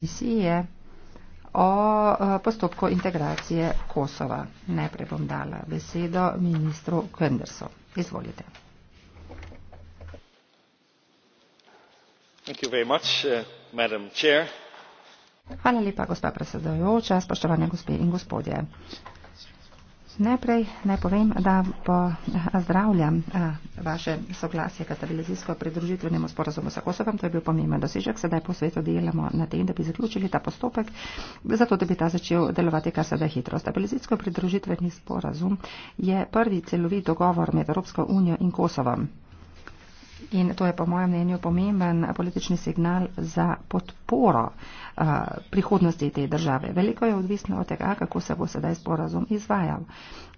komisije o eh, postopku integracije Kosova. Najprej bom dala besedo ministru Kendersu. Izvolite. Thank you very much, uh, Madam Chair. Hvala lepa, gospa predsedojoča, spoštovane gospe in gospodje. Najprej naj povem, da pozdravljam vaše soglasje katalizijsko pridružitvenemu sporazumu za Kosovo. To je bil pomemben dosežek. Sedaj po svetu delamo na tem, da bi zaključili ta postopek, zato da bi ta začel delovati kar sedaj hitro. Stabilizijsko pridružitveni sporazum je prvi celovit dogovor med Evropsko unijo in Kosovom. In to je po mojem mnenju pomemben politični signal za podporo eh, prihodnosti te države. Veliko je odvisno od tega, kako se bo sedaj sporazum izvajal.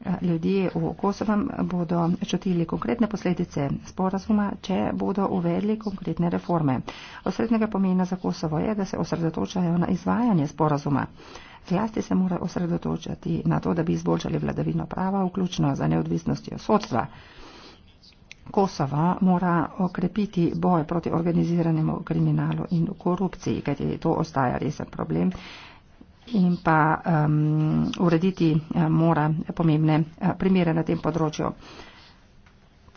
Eh, ljudje v Kosovem bodo čutili konkretne posledice sporazuma, če bodo uvedli konkretne reforme. Osrednjega pomena za Kosovo je, da se osredotočajo na izvajanje sporazuma. Zlasti se mora osredotočati na to, da bi izboljšali vladavino prava, vključno za neodvisnostjo sodstva. Kosova mora okrepiti boj proti organiziranemu kriminalu in korupciji, kajti to ostaja resen problem in pa um, urediti eh, mora pomembne eh, primere na tem področju.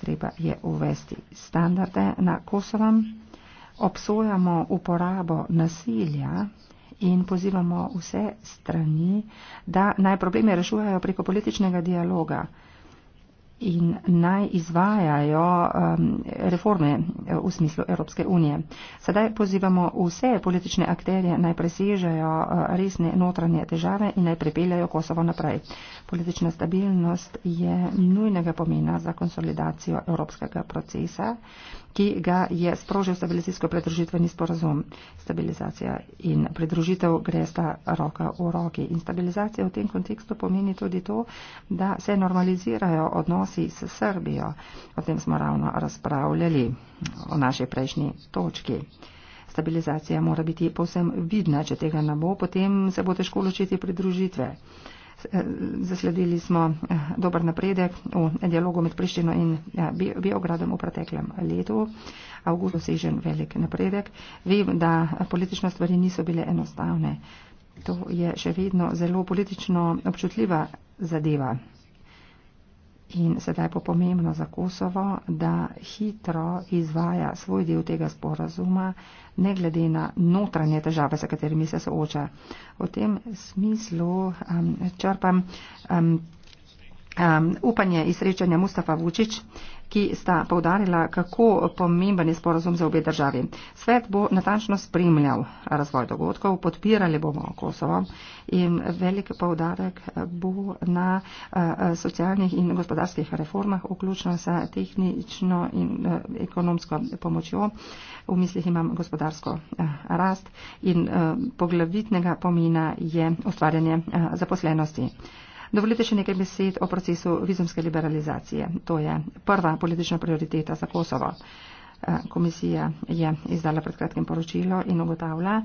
Treba je uvesti standarde na Kosovam. Obsojamo uporabo nasilja in pozivamo vse strani, da naj probleme rešujejo preko političnega dialoga in naj izvajajo um, reforme eh, v smislu Evropske unije. Sedaj pozivamo vse politične akterje naj presežajo eh, resne notranje težave in naj prepeljajo Kosovo naprej. Politična stabilnost je nujnega pomena za konsolidacijo evropskega procesa ki ga je sprožil stabilizacijsko-predružitveni sporazum. Stabilizacija in predružitev gre sta roka v roki. In stabilizacija v tem kontekstu pomeni tudi to, da se normalizirajo odnosi s Srbijo. O tem smo ravno razpravljali v naši prejšnji točki. Stabilizacija mora biti povsem vidna, če tega ne bo, potem se bo težko ločiti pridružitve zasledili smo eh, dober napredek v dialogu med Prištino in eh, Biogradom v preteklem letu. Avgust dosežen velik napredek. Vem, da politične stvari niso bile enostavne. To je še vedno zelo politično občutljiva zadeva. In sedaj bo pomembno za Kosovo, da hitro izvaja svoj del tega sporazuma, ne glede na notranje težave, za katerimi se sooča. V tem smislu um, črpam um, um, upanje iz srečanja Mustafa Vučić, ki sta povdarila, kako pomemben je sporozum za obe državi. Svet bo natančno spremljal razvoj dogodkov, podpirali bomo Kosovo in velik povdarek bo na eh, socialnih in gospodarskih reformah, vključno s tehnično in eh, ekonomsko pomočjo. V mislih imam gospodarsko eh, rast in poglavitnega pomena je ustvarjanje zaposlenosti. Dovolite še nekaj besed o procesu vizumske liberalizacije. To je prva politična prioriteta za Kosovo. Eh, komisija je izdala pred kratkim poročilo in ugotavlja,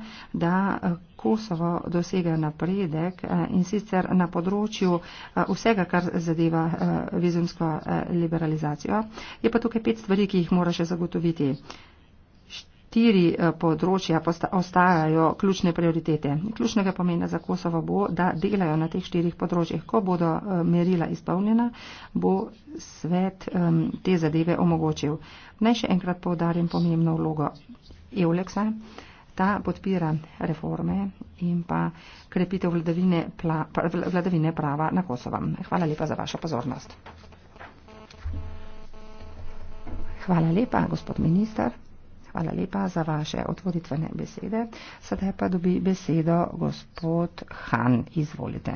da eh, Kosovo dosega napredek eh, in sicer na področju vsega, kar zadeva vizumsko liberalizacijo. Je pa tukaj pet stvari, ki jih mora še zagotoviti štiri eh, področja ostajajo ključne prioritete. Ključnega pomena za Kosovo bo, da delajo na teh štirih področjih. Ko bodo eh, merila izpolnjena, bo svet te zadeve omogočil. Naj še enkrat povdarim pomembno vlogo Euleksa. Ta podpira reforme in pa krepitev vladavine, pla, vladavine prava na Kosovo. Hvala lepa za vašo pozornost. Hvala lepa, gospod ministar. Hvala lepa za vaše otvoritvene besede. Sedaj pa dobi besedo gospod Han. Izvolite.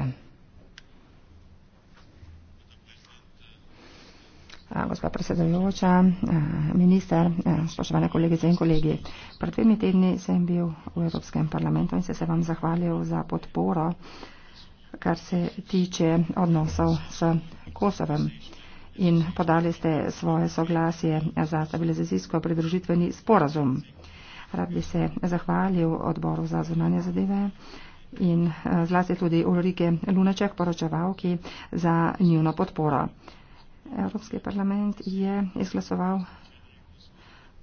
Gospa predsedajoča, eh, minister, eh, spoštovane kolegice in kolegi. Pred dvemi tedni sem bil v Evropskem parlamentu in se se vam zahvalil za podporo, kar se tiče odnosov s Kosovem in podali ste svoje soglasje za stabilizacijsko pridružitveni sporazum. Rad bi se zahvalil odboru za zunanje zadeve in eh, zlasti tudi Ulrike Luneček, poročevalki, za njuno podporo. Evropski parlament je izglasoval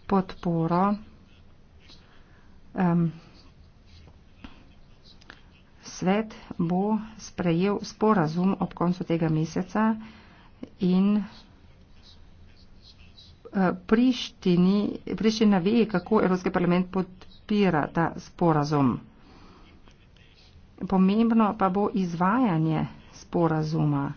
podporo um, Svet bo sprejel sporazum ob koncu tega meseca, in eh, Prištini, Priština ve, kako Evropski parlament podpira ta sporazum. Pomembno pa bo izvajanje sporazuma.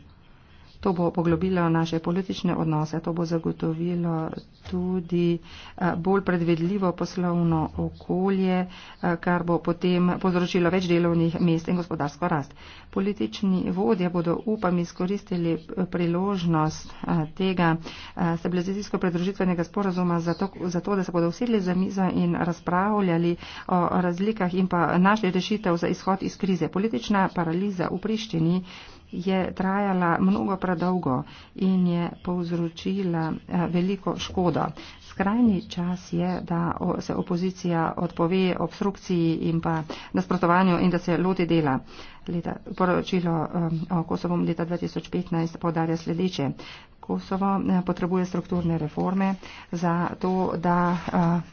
To bo poglobilo naše politične odnose, to bo zagotovilo tudi eh, bolj predvedljivo poslovno okolje, eh, kar bo potem povzročilo več delovnih mest in gospodarsko rast. Politični vodje bodo, upam, izkoristili eh, priložnost tega stabilizacijsko-predružitvenega sporazuma za to, za to, da se bodo usedli za mizo in razpravljali o razlikah in pa našli rešitev za izhod iz krize. Politična paraliza v Prištini je trajala mnogo predolgo in je povzročila eh, veliko škodo. Skrajni čas je, da se opozicija odpove obstrukciji in pa nasprotovanju in da se loti dela leta, poročilo um, o Kosovo leta 2015 podarja sledeče. Kosovo um, potrebuje strukturne reforme za to, da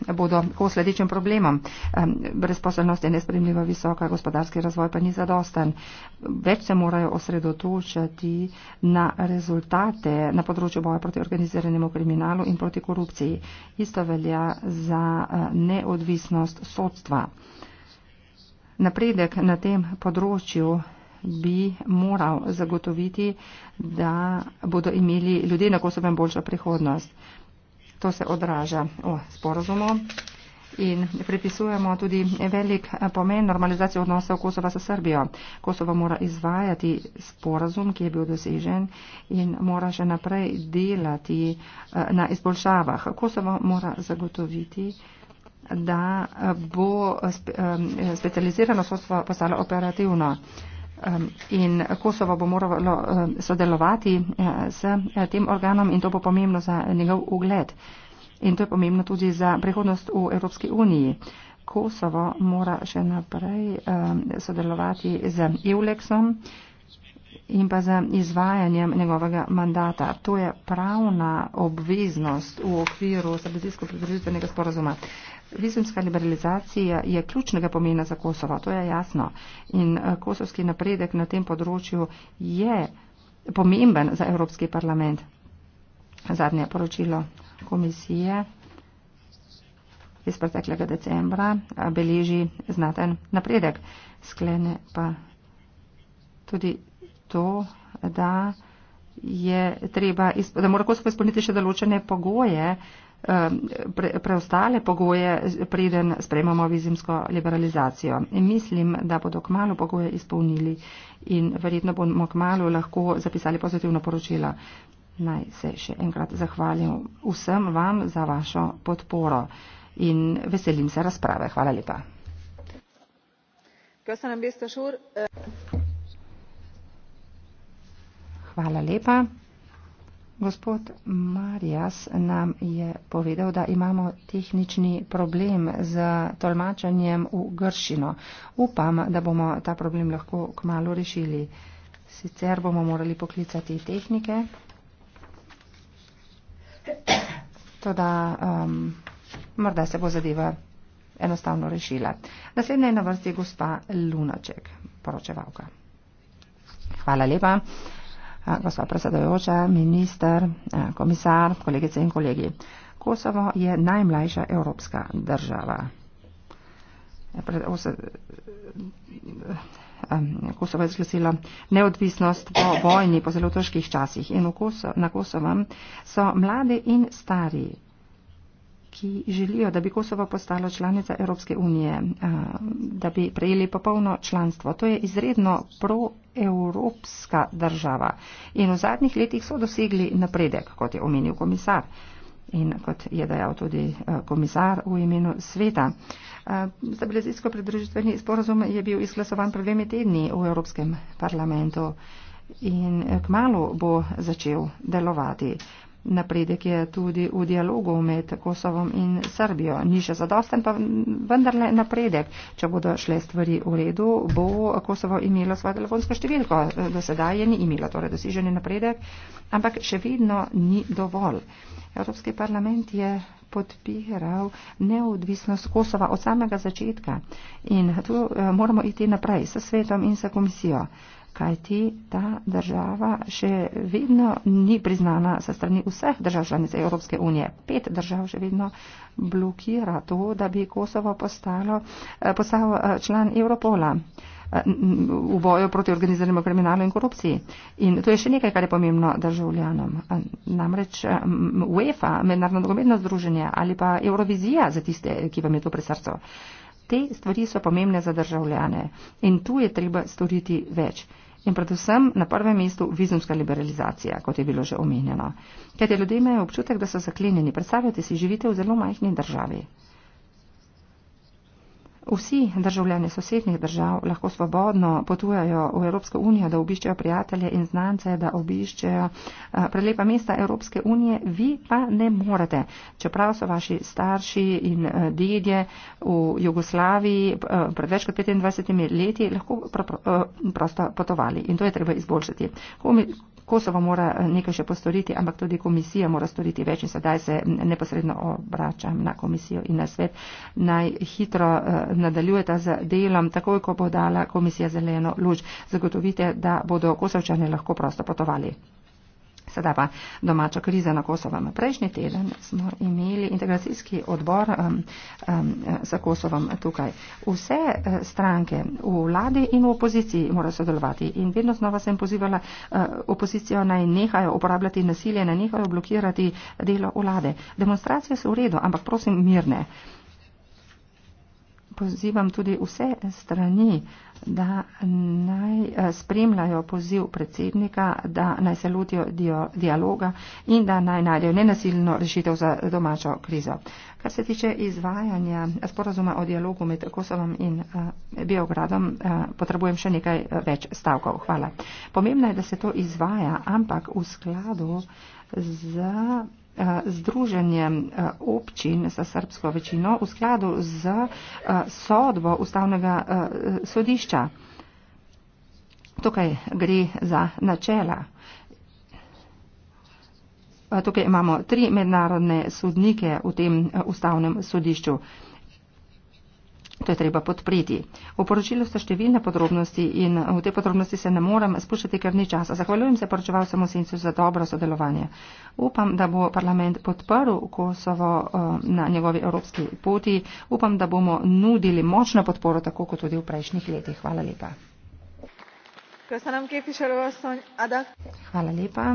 uh, bodo ko sledičem problemom. Um, brezposobnost je nespremljiva visoka, gospodarski razvoj pa ni zadosten. Več se morajo osredotočati na rezultate na področju boja proti organiziranemu kriminalu in proti korupciji. Isto velja za uh, neodvisnost sodstva. Uh, Napredek na tem področju bi moral zagotoviti, da bodo imeli ljudje na Kosovem boljšo prihodnost. To se odraža v sporozumu in pripisujemo tudi velik pomen normalizacije odnosov Kosova s Srbijo. Kosovo mora izvajati sporazum, ki je bil dosežen in mora še naprej delati eh, na izboljšavah. Kosovo mora zagotoviti, da eh, bo eh, eh, specializirano sodstvo postalo operativno. Ehm, in Kosovo bo moralo sodelovati s tem organom in to bo pomembno za njegov ugled. In to je pomembno tudi za prihodnost v Evropski uniji. Kosovo mora še naprej sodelovati z EULEX-om in pa z izvajanjem njegovega mandata. To je pravna obveznost v okviru stabilizijsko-pridružitvenega sporazuma. Vizumska liberalizacija je ključnega pomena za Kosovo, to je jasno. In eh, kosovski napredek na tem področju je pomemben za Evropski parlament. Zadnje poročilo komisije iz preteklega decembra eh, beleži znaten napredek. Sklene pa tudi to, da, je treba, da mora Kosovo izpolniti še določene pogoje, Um, preostale pogoje, preden sprejmemo vizimsko liberalizacijo. In mislim, da bodo kmalo pogoje izpolnili in verjetno bomo kmalo lahko zapisali pozitivno poročilo. Naj se še enkrat zahvalim vsem vam za vašo podporo in veselim se razprave. Hvala lepa. Hvala lepa. Gospod Marjas nam je povedal, da imamo tehnični problem z tolmačanjem v gršino. Upam, da bomo ta problem lahko kmalo rešili. Sicer bomo morali poklicati tehnike. Toda um, morda se bo zadeva enostavno rešila. Naslednja je na vrsti gospa Lunaček, poročevalka. Hvala lepa. Eh, gospod predsedojoča, minister, eh, komisar, kolegice in kolegi. Kosovo je najmlajša evropska država. Eh, Kosovo je zglasilo neodvisnost po vojni, po zelo težkih časih. In Kosovo, na Kosovem so mladi in stari ki želijo, da bi Kosovo postalo članica Evropske unije, eh, da bi prejeli popolno članstvo. To je izredno proevropska država in v zadnjih letih so dosegli napredek, kot je omenil komisar in kot je dejal tudi eh, komisar v imenu sveta. Eh, stabilizacijsko-pridružitveni sporozum je bil izglasovan pred dvemi tedni v Evropskem parlamentu. In kmalo bo začel delovati. Napredek je tudi v dialogu med Kosovom in Srbijo. Ni še zadosten, pa vendarle napredek. Če bodo šle stvari v redu, bo Kosovo imelo svojo telefonsko številko. Do sedaj je ni imela, torej dosiženi napredek, ampak še vedno ni dovolj. Evropski parlament je podpiral neodvisnost Kosova od samega začetka in tu eh, moramo iti naprej s svetom in s komisijo kajti ta država še vedno ni priznana sa strani vseh držav članice Evropske unije. Pet držav še vedno blokira to, da bi Kosovo postalo, eh, postalo eh, član Evropola eh, v boju proti organiziranemu kriminalu in korupciji. In to je še nekaj, kar je pomembno državljanom. Namreč UEFA, Mednarodno dogomedno združenje ali pa Eurovizija za tiste, ki vam je to pri srcu te stvari so pomembne za državljane in tu je treba storiti več. In predvsem na prvem mestu vizumska liberalizacija, kot je bilo že omenjeno. Ker ljudje imajo občutek, da so zaklenjeni, predstavljate si, živite v zelo majhni državi. Vsi državljani sosednjih držav lahko svobodno potujajo v Evropsko unijo, da obiščejo prijatelje in znance, da obiščejo eh, prelepa mesta Evropske unije, vi pa ne morete. Čeprav so vaši starši in eh, dedje v Jugoslaviji eh, pred več kot 25 leti lahko prosto potovali in to je treba izboljšati. Kosovo mora eh, nekaj še postoriti, ampak tudi komisija mora storiti več in sedaj se neposredno obračam na komisijo in na svet. Naj hitro eh, nadaljujeta z delom, takoj ko bo dala komisija zeleno luč. Zagotovite, da bodo kosovčani lahko prosto potovali. Sedaj pa domača kriza na Kosovem. Prejšnji teden smo imeli integracijski odbor um, um, za Kosovom tukaj. Vse eh, stranke v vladi in v opoziciji morajo sodelovati in vedno znova sem pozivala uh, opozicijo naj nehajo uporabljati nasilje, naj nehajo blokirati delo vlade. Demonstracije so v redu, ampak prosim mirne. Pozivam tudi vse strani. Uh, da naj eh, spremljajo poziv predsednika, da naj se lotijo dialoga in da naj najdejo nenasilno rešitev za domačo krizo. Kar se tiče izvajanja sporazuma o dialogu med Kosovom in eh, Biogradom, eh, potrebujem še nekaj več stavkov. Hvala. Pomembno je, da se to izvaja, ampak v skladu z Eh, združenjem eh, občin za srbsko večino v skladu z eh, sodbo ustavnega sodišča. Tukaj gre za načela. Tukaj imamo tri mednarodne sodnike v tem ustavnem sodišču. To je treba podpriti. V poročilu so številne podrobnosti in v te podrobnosti se ne morem spuščati, ker ni časa. Zahvaljujem se poročevalcem v Sincu za dobro sodelovanje. Upam, da bo parlament podprl Kosovo eh, na njegovi evropski poti. Upam, da bomo nudili močno podporo, tako kot tudi v prejšnjih letih. Hvala lepa. Hvala lepa.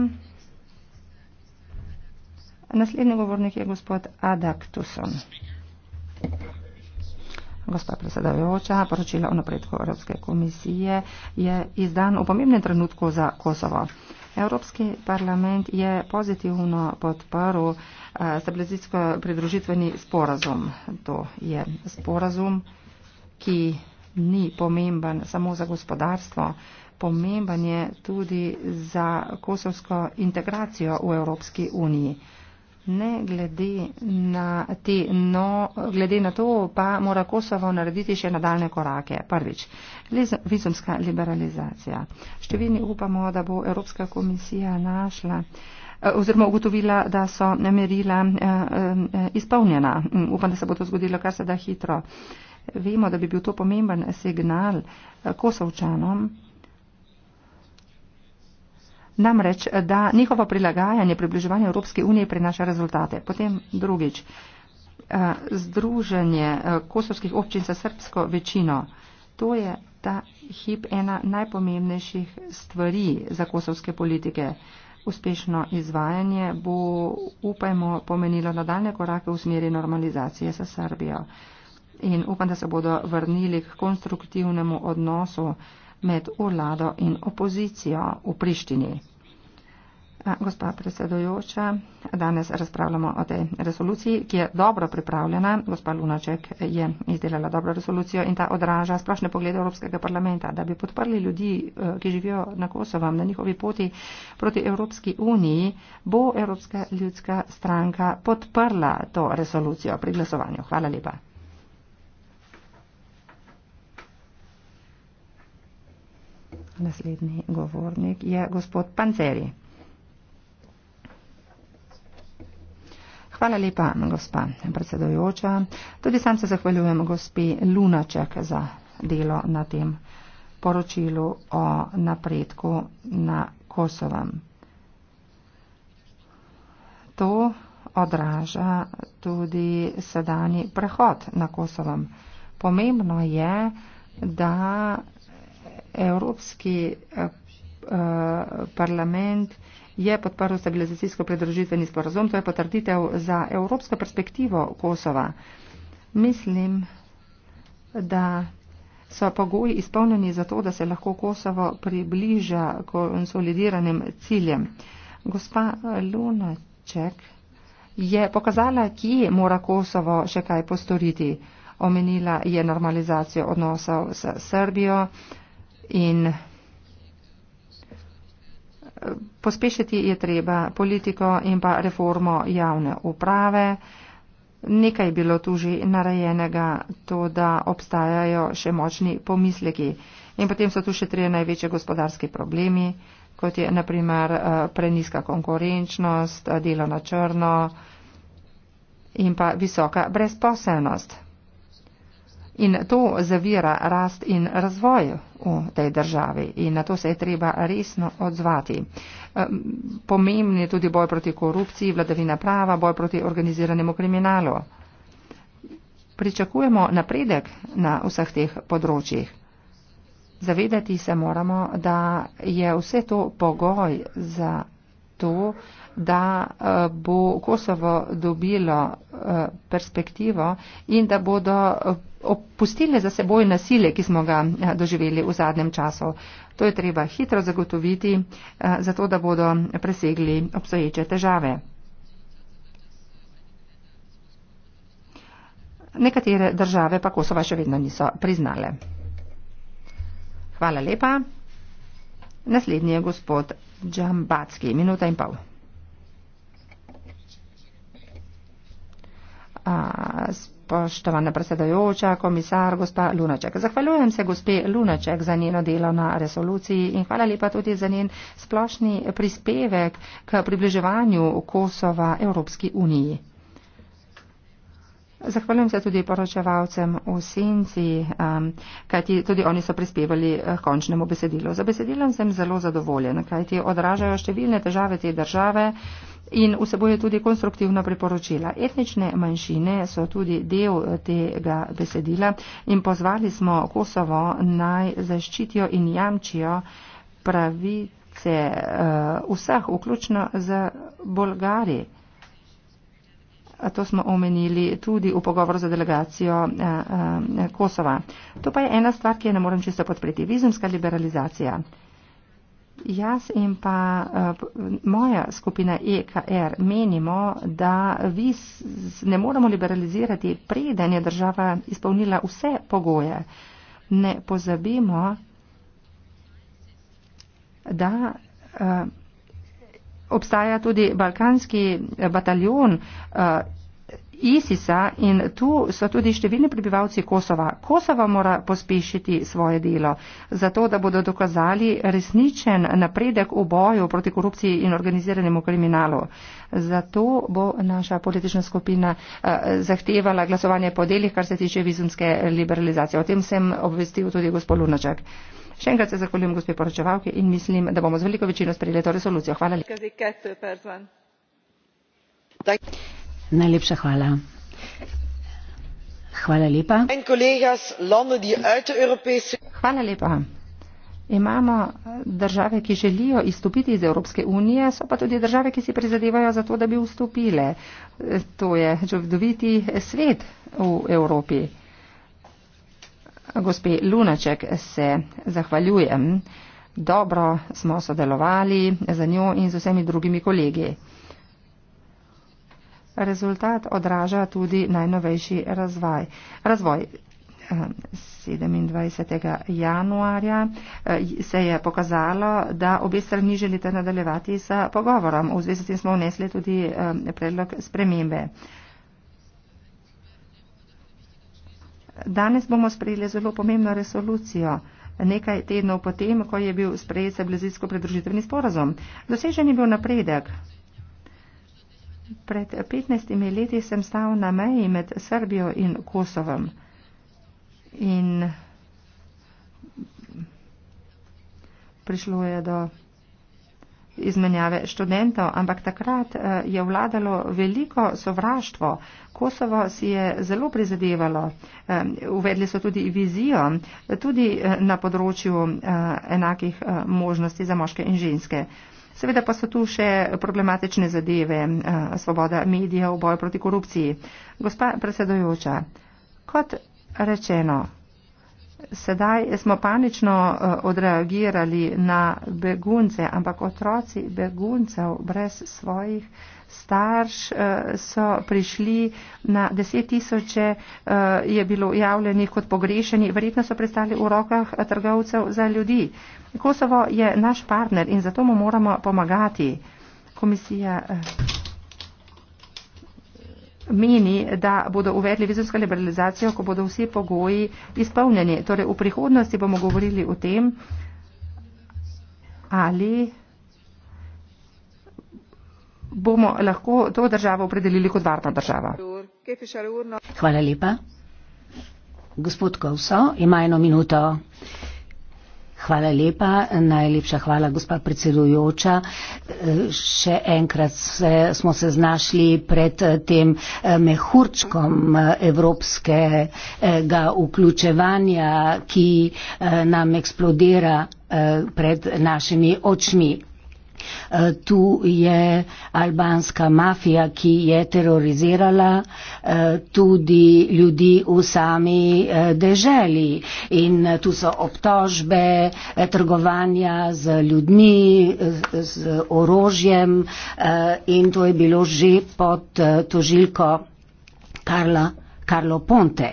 Naslednji govornik je gospod Adak Tuson gospa predsedajoča, poročila o napredku Evropske komisije je izdan v pomembnem trenutku za Kosovo. Evropski parlament je pozitivno podprl eh, stabilizacijsko pridružitveni sporazum. To je sporazum, ki ni pomemben samo za gospodarstvo, pomemben je tudi za kosovsko integracijo v Evropski uniji. Ne glede na, te, no, glede na to, pa mora Kosovo narediti še nadaljne korake. Prvič, vizumska liberalizacija. Številni upamo, da bo Evropska komisija našla eh, oziroma ugotovila, da so merila eh, eh, izpolnjena. Mm, upam, da se bo to zgodilo kar se da hitro. Vemo, da bi bil to pomemben signal Kosovčanom namreč, da njihovo prilagajanje, približevanje Evropske unije prinaša rezultate. Potem drugič, eh, združenje eh, kosovskih občin sa srbsko večino, to je ta hip ena najpomembnejših stvari za kosovske politike. Uspešno izvajanje bo, upajmo, pomenilo nadaljne korake v smeri normalizacije sa Srbijo. In upam, da se bodo vrnili k konstruktivnemu odnosu med vlado in opozicijo v Prištini. Eh, gospa predsedojoča, danes razpravljamo o tej resoluciji, ki je dobro pripravljena. Gospa Lunaček je izdelala dobro resolucijo in ta odraža splošne poglede Evropskega parlamenta, da bi podprli ljudi, eh, ki živijo na Kosovam, na njihovi poti proti Evropski uniji, bo Evropska ljudska stranka podprla to resolucijo pri glasovanju. Hvala lepa. Naslednji govornik je gospod Panceri. Hvala lepa, gospa predsedojoča. Tudi sam se zahvaljujem gospi Lunaček za delo na tem poročilu o napredku na Kosovem. To odraža tudi sedani prehod na Kosovem. Pomembno je, da Evropski eh, eh, parlament je podprl stabilizacijsko predružitveni sporazum, to je potrditev za evropsko perspektivo Kosova. Mislim, da so pogoji izpolnjeni za to, da se lahko Kosovo približa konsolidiranim ciljem. Gospa Lunaček je pokazala, ki mora Kosovo še kaj postoriti. Omenila je normalizacijo odnosov s Srbijo, in eh, pospešiti je treba politiko in pa reformo javne uprave. Nekaj je bilo tu že narejenega, to, da obstajajo še močni pomisleki. In potem so tu še trije največje gospodarski problemi, kot je naprimer eh, preniska konkurenčnost, eh, delo na črno in pa visoka brezposelnost. In to zavira rast in razvoj v tej državi in na to se je treba resno odzvati. Pomembni je tudi boj proti korupciji, vladavina prava, boj proti organiziranemu kriminalu. Pričakujemo napredek na vseh teh področjih. Zavedati se moramo, da je vse to pogoj za to, da e, bo Kosovo dobilo e, perspektivo in da bodo opustile za seboj nasilje, ki smo ga eh, doživeli v zadnjem času. To je treba hitro zagotoviti, eh, zato da bodo presegli obstoječe težave. Nekatere države pa Kosova še vedno niso priznale. Hvala lepa. Naslednji je gospod Džambacki. Minuta in pol. A, spoštovana predsedajoča, komisar, gospa Lunaček. Zahvaljujem se gospe Lunaček za njeno delo na resoluciji in hvala lepa tudi za njen splošni prispevek k približevanju Kosova Evropski uniji. Zahvaljujem se tudi poročevalcem v Senci, um, kajti tudi oni so prispevali eh, končnemu besedilu. Za besedilom sem zelo zadovoljen, kajti odražajo številne težave te države in vseboje tudi konstruktivna priporočila. Etnične manjšine so tudi del eh, tega besedila in pozvali smo Kosovo naj zaščitijo in jamčijo pravice eh, vseh, vključno z Bolgari. To smo omenili tudi v pogovoru za delegacijo eh, Kosova. To pa je ena stvar, ki je ne morem čisto podpreti. Vizumska liberalizacija. Jaz in pa uh, moja skupina EKR menimo, da viz ne moramo liberalizirati, preden je država izpolnila vse pogoje. Ne pozabimo, da uh, obstaja tudi balkanski eh, bataljon. Uh, ISIS-a in tu so tudi številni prebivalci Kosova. Kosova mora pospešiti svoje delo, zato da bodo dokazali resničen napredek v boju proti korupciji in organiziranemu kriminalu. Zato bo naša politična skupina eh, zahtevala glasovanje po delih, kar se tiče vizumske liberalizacije. O tem sem obvestil tudi gospod Lunaček. Še enkrat se zahvaljujem gospe poročevalke in mislim, da bomo z veliko večino sprejeli to resolucijo. Hvala lepa. Najlepša hvala. Hvala lepa. In kolegas, lande die uit de Europese. Hvala lepa. Imamo eh, države, ki želijo izstopiti iz Evropske unije, so pa tudi države, ki si prizadevajo za to, da bi vstopile. Eh, to je čudoviti svet v Evropi. Gospe Lunaček se zahvaljujem. Dobro smo sodelovali za njo in z vsemi drugimi kolegi rezultat odraža tudi najnovejši razvaj. razvoj. 27. Eh, januarja eh, se je pokazalo, da obe strani želite nadaljevati s pogovorom. V zvezi s tem smo vnesli tudi eh, predlog spremembe. Danes bomo sprejeli zelo pomembno resolucijo. Nekaj tednov potem, ko je bil sprejet se blizijsko pridružitveni sporazum. Dosežen je bil napredek. Pred 15 leti sem stal na meji med Srbijo in Kosovom. In prišlo je do izmenjave študentov, ampak takrat eh, je vladalo veliko sovraštvo. Kosovo si je zelo prizadevalo. Eh, uvedli so tudi vizijo, tudi eh, na področju enakih možnosti za moške in ženske. Seveda pa so tu še problematične zadeve, eh, svoboda medija v boju proti korupciji. Gospa predsedojoča, kot rečeno, sedaj smo panično eh, odreagirali na begunce, ampak otroci beguncev brez svojih starš, eh, so prišli na deset tisoče, eh, je bilo javljenih kot pogrešeni, verjetno so prestali v rokah eh, trgovcev za ljudi. Kosovo je naš partner in zato mu moramo pomagati. Komisija meni, da bodo uvedli vizumsko liberalizacijo, ko bodo vsi pogoji izpolnjeni. Torej, v prihodnosti bomo govorili o tem, ali bomo lahko to državo opredelili kot varna država. Hvala lepa. Gospod Kovso ima eno minuto. Hvala lepa, najlepša hvala, gospa predsedujoča. Še enkrat se, smo se znašli pred eh, tem eh, mehurčkom eh, evropskega vključevanja, ki nam eksplodira pred našimi očmi. Eh, tu je albanska mafija, ki je terorizirala eh, tudi ljudi v sami eh, deželi. In tu so obtožbe trgovanja z ljudmi, z orožjem in to je bilo že pod tožilko Karla, Karlo Ponte.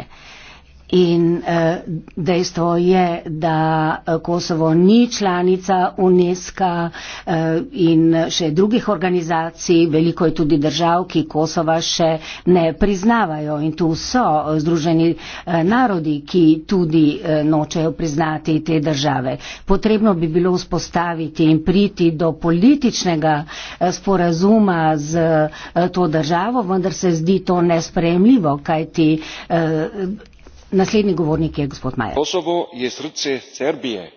In eh, dejstvo je, da eh, Kosovo ni članica UNESCO eh, in še drugih organizacij, veliko je tudi držav, ki Kosova še ne priznavajo. In tu so eh, združeni eh, narodi, ki tudi eh, nočejo priznati te države. Potrebno bi bilo vzpostaviti in priti do političnega eh, sporazuma z eh, to državo, vendar se zdi to nespremljivo, kajti. Eh, Naslednji govornik je gospod Majer. Kosovo je srce Srbije.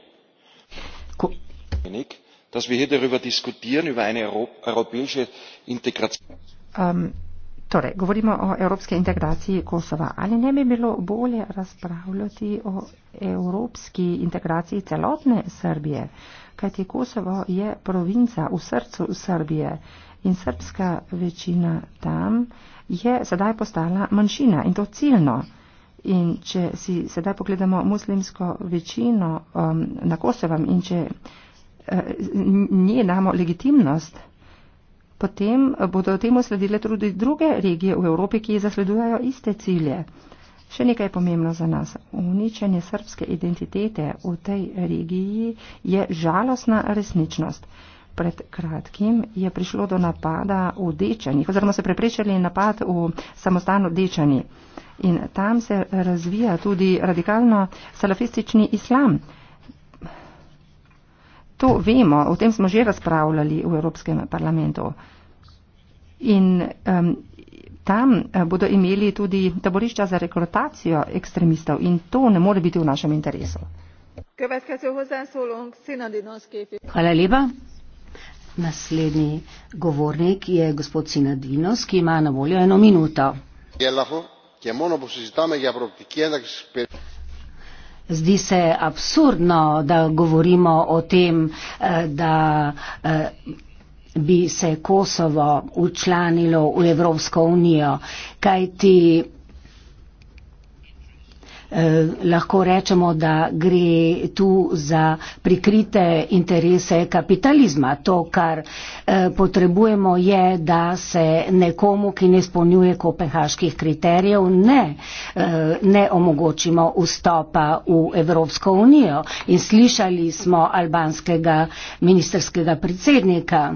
Um, torej, govorimo o evropske integraciji Kosova. Ali ne bi bilo bolje razpravljati o evropski integraciji celotne Srbije? Kajti Kosovo je provinca v srcu Srbije in srpska večina tam je sedaj postala manjšina in to ciljno. In če si sedaj pogledamo muslimsko večino um, na Kosovem in če uh, nje damo legitimnost, potem bodo temu sledile tudi druge regije v Evropi, ki zasledujejo iste cilje. Še nekaj je pomembno za nas. Uničenje srpske identitete v tej regiji je žalostna resničnost. Pred kratkim je prišlo do napada v Dečani, oziroma so preprečili napad v samostanu Dečani. In tam se razvija tudi radikalno salafistični islam. To vemo, o tem smo že razpravljali v Evropskem parlamentu. In um, tam eh, bodo imeli tudi taborišča za rekrutacijo ekstremistov in to ne more biti v našem interesu. Hvala lepa. Naslednji govornik je gospod Sinadinos, ki ima na voljo eno minuto. Je lahko? και μόνο που συζητάμε για προοπτική ένταξη Zdi se absurdno, da govorimo o tem, eh, da eh, bi se Kosovo učlanilo v Evropsko unijo, kajti Eh, lahko rečemo, da gre tu za prikrite interese kapitalizma. To, kar eh, potrebujemo, je, da se nekomu, ki ne izpolnjuje kopenhaških kriterijev, ne, eh, ne omogočimo vstopa v Evropsko unijo. In slišali smo albanskega ministerskega predsednika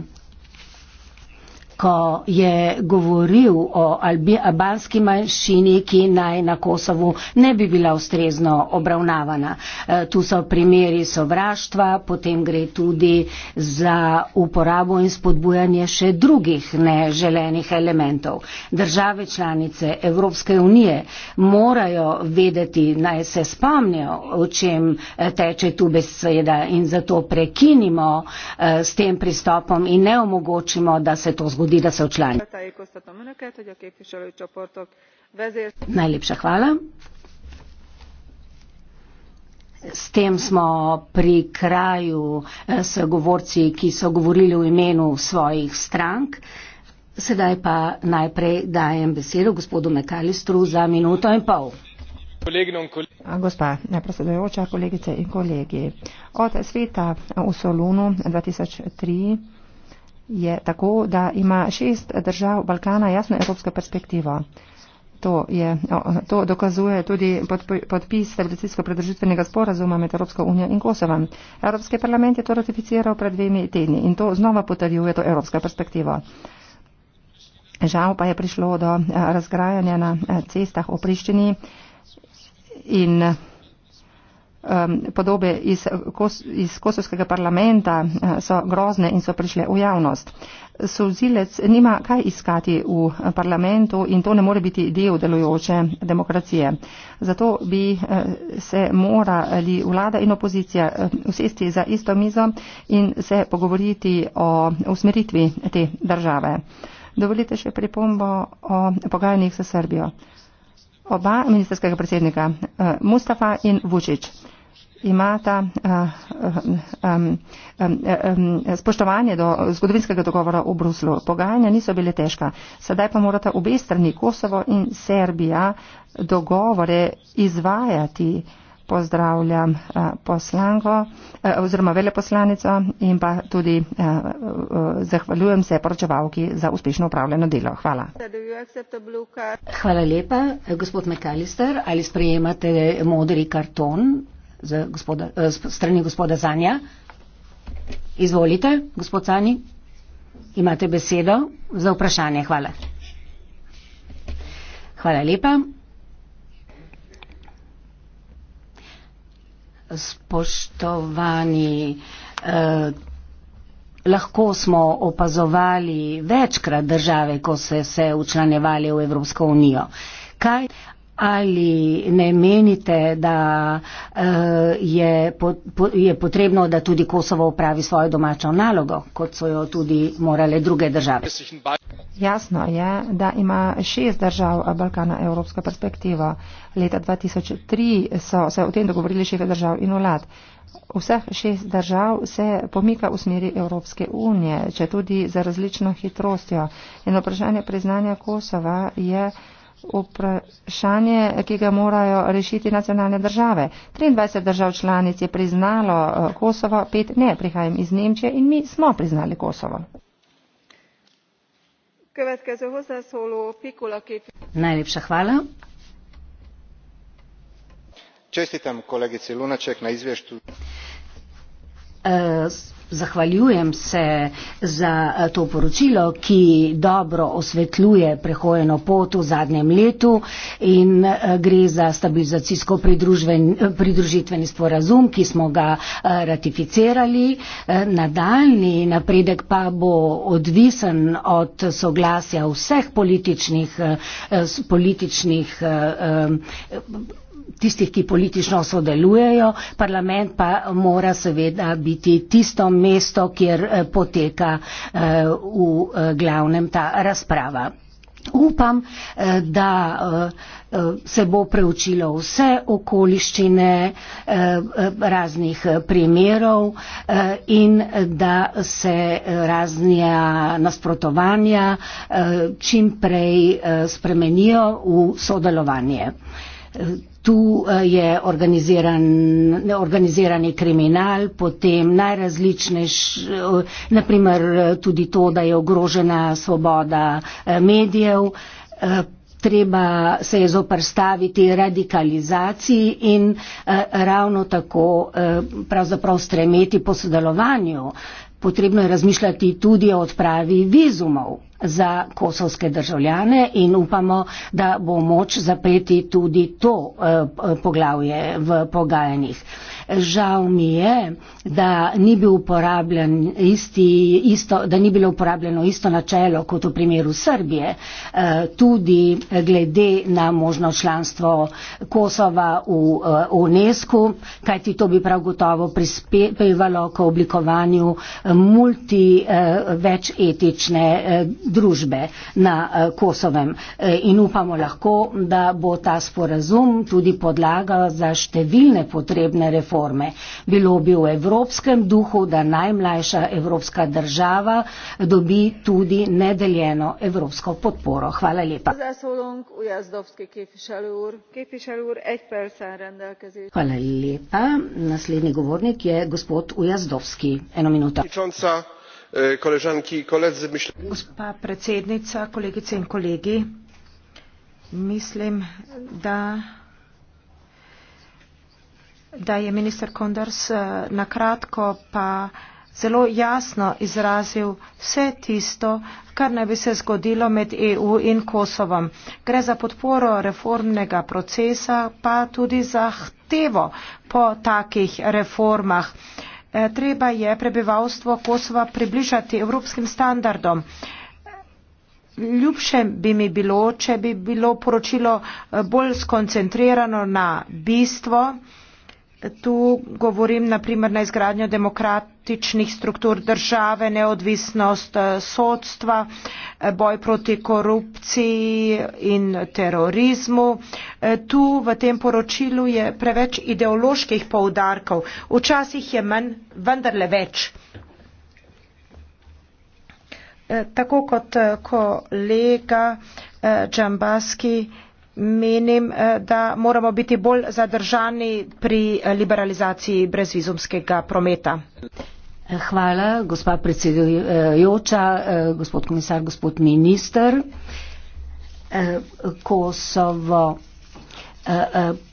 ko je govoril o albanski manjšini, ki naj na Kosovu ne bi bila ustrezno obravnavana. E, tu so primeri sovraštva, potem gre tudi za uporabo in spodbujanje še drugih neželenih elementov. Države članice Evropske unije morajo vedeti, naj se spomnijo, o čem e, teče tu beseda in zato prekinimo e, s tem pristopom in ne omogočimo, da se to zgodi trudila se včlani. Najlepša hvala. S tem smo pri kraju eh, s govorci, ki so govorili v imenu svojih strank. Sedaj pa najprej dajem besedo gospodu Mekalistru za minuto in pol. Gospa, najprej kolegice in kolegi. Od sveta v Solunu 2003 je tako, da ima šest držav Balkana jasno evropsko perspektivo. To, je, to dokazuje tudi podpis stabilizacijsko predržitvenega sporazuma med Evropsko unijo in Kosovom. Evropski parlament je to ratificiral pred dvemi tedni in to znova potrjuje to evropsko perspektivo. Žal pa je prišlo do eh, razgrajanja na eh, cestah v Prištini in podobe iz, kos, iz kosovskega parlamenta eh, so grozne in so prišle v javnost. Sozilec nima kaj iskati v parlamentu in to ne more biti del delujoče demokracije. Zato bi eh, se morali vlada in opozicija eh, usesti za isto mizo in se pogovoriti o usmeritvi te države. Dovolite še pripombo o pogajanjih s Srbijo. Oba ministerskega predsednika, Mustafa in Vučić imata um, um, um, spoštovanje do zgodovinskega dogovora v Bruslu. Pogajanja niso bile težka. Sedaj pa morata obe strani, Kosovo in Serbija, dogovore izvajati. Pozdravljam eh, poslanko eh, oziroma veleposlanico in pa tudi eh, zahvaljujem se poročevalki za uspešno upravljeno delo. Hvala. Hvala lepa, gospod McAllister. Ali sprejemate modri karton? gospoda, eh, strani gospoda Zanja. Izvolite, gospod Cani, imate besedo za vprašanje. Hvala. Hvala lepa. Spoštovani, eh, lahko smo opazovali večkrat države, ko se se učlanjevali v Evropsko unijo. Kaj Ali ne menite, da uh, je, po, po, je potrebno, da tudi Kosovo upravi svojo domačo nalogo, kot so jo tudi morale druge države? Jasno je, da ima šest držav Balkana evropsko perspektivo. Leta 2003 so se o tem dogovorili šefe držav in vlad. Vseh šest držav se pomika v smeri Evropske unije, če tudi za različno hitrostjo. In vprašanje priznanja Kosova je vprašanje, ki ga morajo rešiti nacionalne države. 23 držav članic je priznalo eh, Kosovo, pet ne, prihajam iz Nemčije in mi smo priznali Kosovo. Najlepša hvala. Čestitam kolegici Lunaček na izvještu. Uh, eh, Zahvaljujem se za eh, to poročilo, ki dobro osvetljuje prehojeno pot v zadnjem letu in eh, gre za stabilizacijsko pridružitveni sporazum, ki smo ga eh, ratificirali. Nadaljni napredek pa bo odvisen od soglasja vseh političnih, političnih tistih, ki politično sodelujejo, parlament pa mora seveda biti tisto mesto, kjer eh, poteka eh, v eh, glavnem ta razprava. Upam, da se bo preučilo vse okoliščine raznih primerov in da se raznija nasprotovanja čim prej spremenijo v sodelovanje tu eh, je organiziran, organizirani kriminal, potem najrazličnejš, eh, naprimer eh, tudi to, da je ogrožena svoboda medijev. Treba se je zoprstaviti radikalizaciji in ravno tako pravzaprav stremeti po sodelovanju. Potrebno je razmišljati tudi o odpravi vizumov za kosovske državljane in upamo, da bo moč zapeti tudi to eh, poglavje v pogajanjih žal mi je, da ni, bil isti, isto, da ni bilo uporabljeno isto načelo kot v primeru Srbije, eh, tudi glede na možno članstvo Kosova v eh, UNESCO, kajti to bi prav gotovo prispevalo k oblikovanju eh, multi večetične družbe na Kosovem. In upamo lahko, da bo ta sporazum tudi podlaga za številne potrebne reforme reforme. Bilo bi v evropskem duhu, da najmlajša evropska država dobi tudi nedeljeno evropsko podporo. Hvala lepa. Hvala lepa. Naslednji govornik je gospod Ujazdovski. Eno minuto. Eh, Gospa predsednica, kolegice in kolegi, mislim, da da je minister Kondars eh, na kratko pa zelo jasno izrazil vse tisto, kar naj bi se zgodilo med EU in Kosovom. Gre za podporo reformnega procesa, pa tudi zahtevo po takih reformah. Eh, treba je prebivalstvo Kosova približati evropskim standardom. Ljubše bi mi bilo, če bi bilo poročilo eh, bolj skoncentrirano na bistvo, Tu govorim naprimer na izgradnjo demokratičnih struktur države, neodvisnost eh, sodstva, eh, boj proti korupciji in terorizmu. Eh, tu v tem poročilu je preveč ideoloških poudarkov. Včasih je manj, vendarle več. Tako kot kolega Džambaski menim, eh, da moramo biti bolj zadržani pri eh, liberalizaciji brezvizumskega prometa. Hvala, gospa predsedujoča, eh, gospod komisar, gospod minister. Kosovo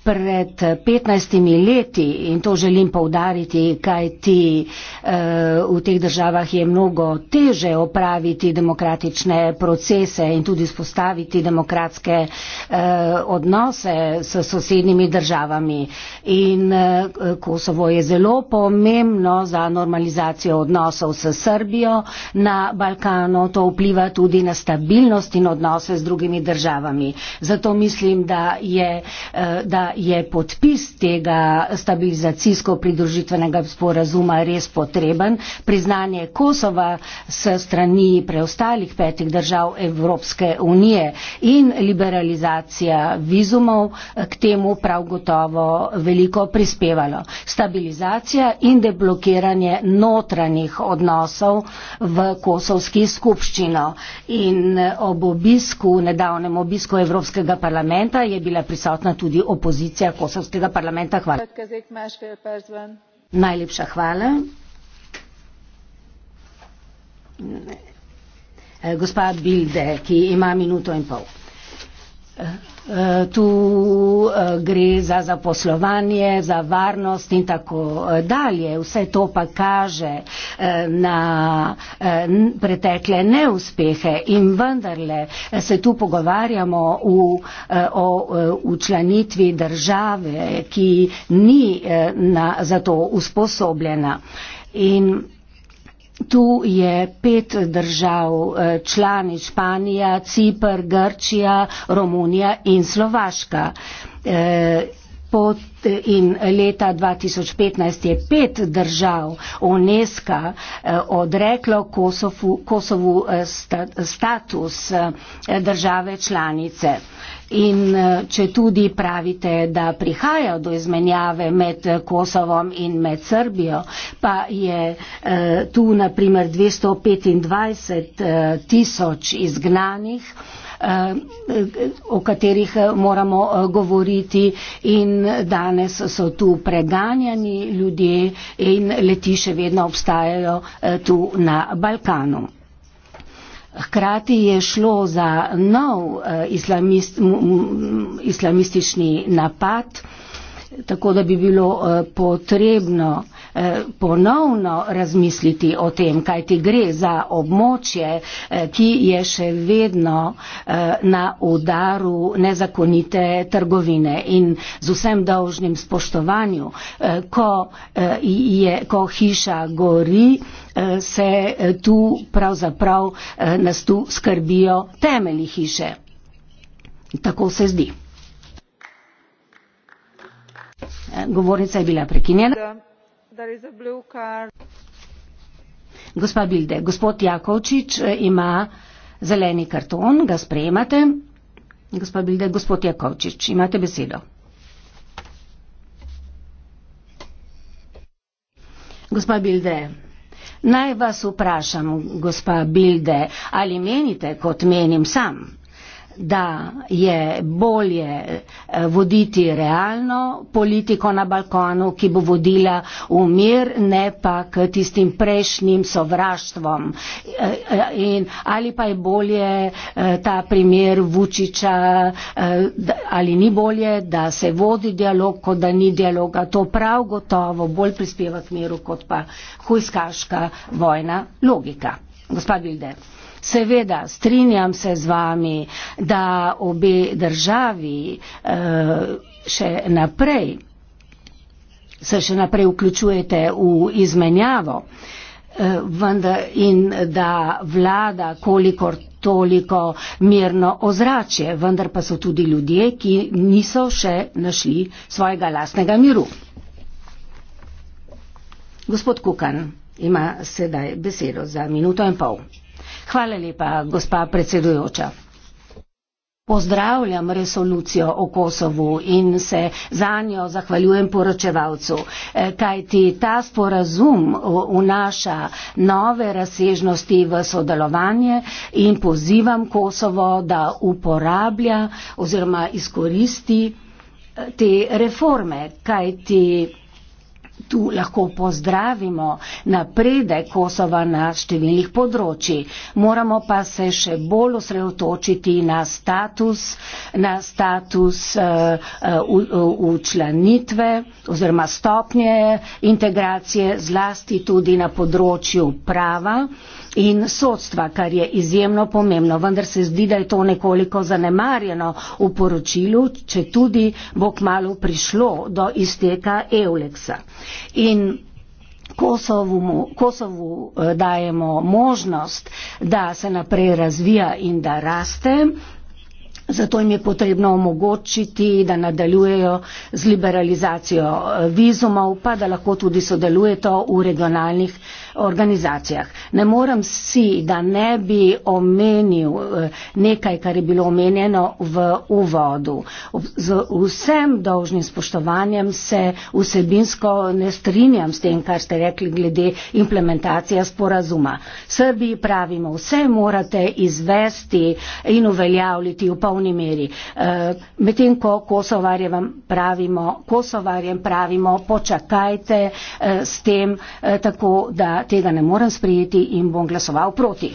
pred 15 leti in to želim povdariti, kaj ti eh, v teh državah je mnogo teže opraviti demokratične procese in tudi spostaviti demokratske eh, odnose s sosednjimi državami. In eh, Kosovo je zelo pomembno za normalizacijo odnosov s Srbijo na Balkanu, to vpliva tudi na stabilnost in odnose z drugimi državami. Zato mislim, da je, eh, da je podpis tega stabilizacijsko-pridružitvenega sporazuma res potreben. Priznanje Kosova s strani preostalih petih držav Evropske unije in liberalizacija vizumov k temu prav gotovo veliko prispevalo. Stabilizacija in deblokiranje notranjih odnosov v kosovski skupščino. In ob obisku, nedavnem obisku Evropskega parlamenta je bila prisotna tudi opozicija pozicija kosovskega parlamenta. Hvala. Najlepša hvala. Gospod Bilde, ki ima minuto in pol. Tu eh, gre za zaposlovanje, za varnost in tako eh, dalje. Vse to pa kaže eh, na pretekle neuspehe in vendarle se tu pogovarjamo v, o učlanitvi države, ki ni na, za to usposobljena. In Tu je pet držav eh, člani Španija, Cipr, Grčija, Romunija in Slovaška. Eh, eh, in leta 2015 je pet držav UNESCO odreklo Kosovu, Kosovu status države članice. In eh, če tudi pravite, da prihaja do izmenjave med eh, Kosovom in med Srbijo, pa je eh, tu na primer 225 eh, tisoč izgnanih, eh, o katerih moramo govoriti in danes so tu preganjani ljudje in letiše vedno obstajajo tu na Balkanu. Hkrati je šlo za nov eh, islamist, m, m, islamistični napad, tako da bi bilo eh, potrebno Eh, ponovno razmisliti o tem, kaj ti gre za območje, eh, ki je še vedno eh, na udaru nezakonite trgovine in z vsem dolžnim spoštovanju, ko, je, ko hiša gori, se tu pravzaprav nas tu skrbijo temeli hiše. Tako se zdi. Govornica je bila prekinjena. Gospa Bilde, gospod Jakovčič eh, ima zeleni karton, ga sprejemate. Gospa Bilde, gospod Jakovčič, imate besedo. Gospa Bilde, naj vas vprašam, gospa Bilde, ali menite, kot menim sam, da je bolje eh, voditi realno politiko na Balkanu, ki bo vodila v mir, ne pa k tistim prejšnjim sovraštvom. Eh, eh, in ali pa je bolje ta primer Vučiča, ali ni bolje, da se vodi dialog, kot da ni dialoga. To prav gotovo bolj prispeva k miru, kot pa hujskaška vojna logika. Gospod Bilde. Seveda, strinjam se z vami, da obe državi eh, še naprej, se še naprej vključujete v izmenjavo eh, in da vlada kolikor toliko mirno ozračje, vendar pa so tudi ljudje, ki niso še našli svojega lastnega miru. Gospod Kukan ima sedaj besedo za minuto in pol. Hvala lepa, gospa predsedujoča. Pozdravljam resolucijo o Kosovu in se za njo zahvaljujem poročevalcu, e, kajti ta sporazum e, vnaša nove razsežnosti v sodelovanje in pozivam Kosovo, da uporablja oziroma izkoristi e, te reforme, kajti tu lahko pozdravimo naprede Kosova na številnih področji. Moramo pa se še bolj osredotočiti na status, na status uh, uh, učlanitve oziroma stopnje integracije zlasti tudi na področju prava in sodstva, kar je izjemno pomembno. Vendar se zdi, da je to nekoliko zanemarjeno v poročilu, če tudi bo kmalo prišlo do izteka Euleksa. In Kosovu, Kosovu eh, dajemo možnost, da se naprej razvija in da raste. Zato jim je potrebno omogočiti, da nadaljujejo z liberalizacijo eh, vizumov, pa da lahko tudi sodelujejo v regionalnih uh, organizacijah. Ne morem si, da ne bi omenil eh, nekaj, kar je bilo omenjeno v uvodu. Z vsem dolžnim spoštovanjem se vsebinsko ne strinjam s tem, kar ste rekli glede implementacije sporazuma. Srbi pravimo, vse morate izvesti in uveljavljati v polni meri. Eh, medtem ko Kosovarjem pravimo, Kosovarjem pravimo, počakajte eh, s tem, tako da tega ne morem sprejeti in bom glasoval proti.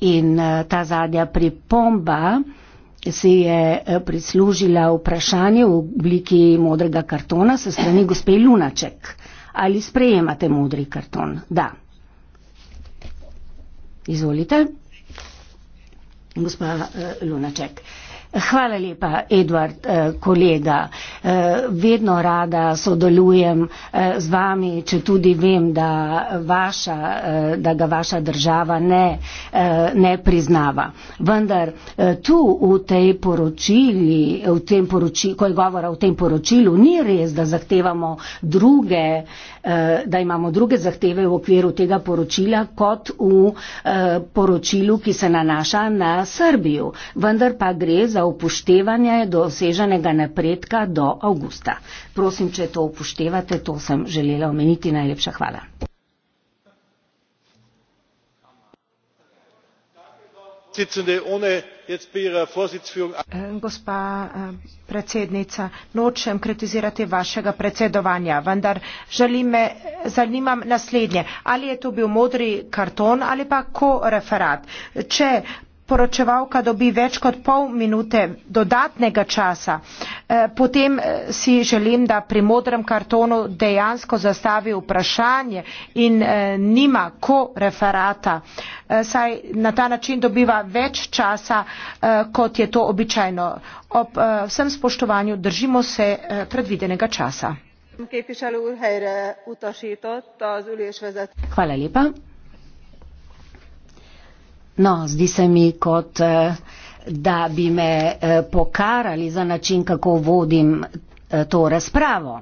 In eh, ta zadnja pripomba si je eh, prislužila vprašanje v obliki modrega kartona se strani gospe Lunaček. Ali sprejemate modri karton? Da. Izvolite gospa eh, Lunaček. Hvala lepa, Edvard, eh, kolega. Eh, vedno rada sodelujem eh, z vami, če tudi vem, da, vaša, da ga vaša država ne, ne priznava. Vendar tu v, poročili, v tem poročilu, ko je govora o tem poročilu, ni res, da zahtevamo druge, da imamo druge zahteve v okviru tega poročila kot v poročilu, ki se nanaša na Srbijo. Vendar pa gre za za upoštevanje doseženega napredka do avgusta. Prosim, če to upoštevate, to sem želela omeniti. Najlepša hvala. Eh, gospa eh, predsednica, nočem kritizirati vašega predsedovanja, vendar me, zanimam naslednje. Ali je to bil modri karton ali pa ko referat? Če poročevalka dobi več kot pol minute dodatnega časa, eh, potem eh, si želim, da pri modrem kartonu dejansko zastavi vprašanje in eh, nima ko referata, saj na ta način dobiva več časa, kot je to običajno. Ob vsem spoštovanju držimo se predvidenega časa. Hvala lepa. No, zdi se mi, kot eh, da bi me eh, pokarali za način, kako vodim eh, to razpravo.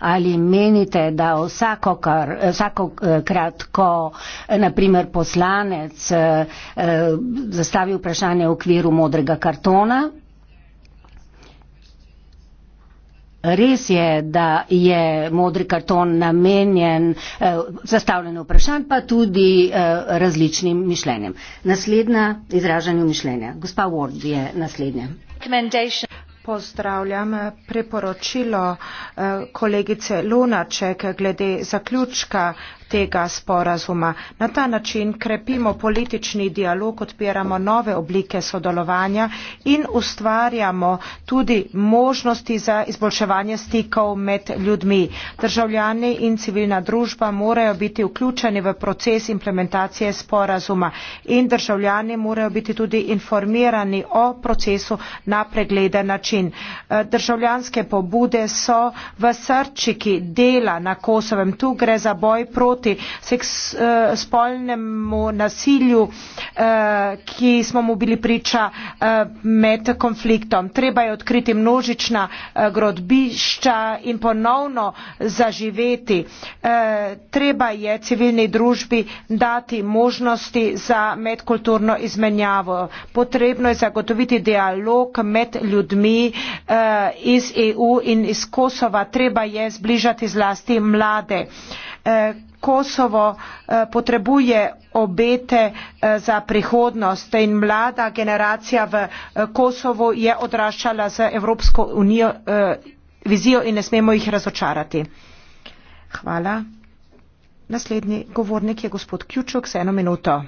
Ali menite, da vsakokrat, ko naprimer poslanec zastavi vprašanje v okviru modrega kartona, Res je, da je modri karton namenjen eh, zastavljanju vprašanj, pa tudi eh, različnim mišljenjem. Naslednja izražanju mišljenja. Gospa Ward je naslednja. Pozdravljam priporočilo eh, kolegice Lunaček glede zaključka tega sporazuma. Na ta način krepimo politični dialog, odpiramo nove oblike sodelovanja in ustvarjamo tudi možnosti za izboljševanje stikov med ljudmi. Državljani in civilna družba morajo biti vključeni v proces implementacije sporazuma in državljani morajo biti tudi informirani o procesu na pregleden način. Eh, državljanske pobude so v srčiki dela na Kosovem. Tu gre za boj proti proti eh, spolnemu nasilju, eh, ki smo mu bili priča eh, med konfliktom. Treba je odkriti množična grodbišča in ponovno zaživeti. Treba je civilni družbi dati možnosti za medkulturno izmenjavo. Potrebno je zagotoviti dialog med ljudmi iz EU in iz Kosova. Treba je zbližati zlasti mlade. Uh, Eh, Kosovo eh, potrebuje obete eh, za prihodnost in mlada generacija v Kosovo je odraščala z Evropsko unijo vizijo in ne smemo jih razočarati. Hvala. Naslednji govornik je gospod Ključuk za eno minuto.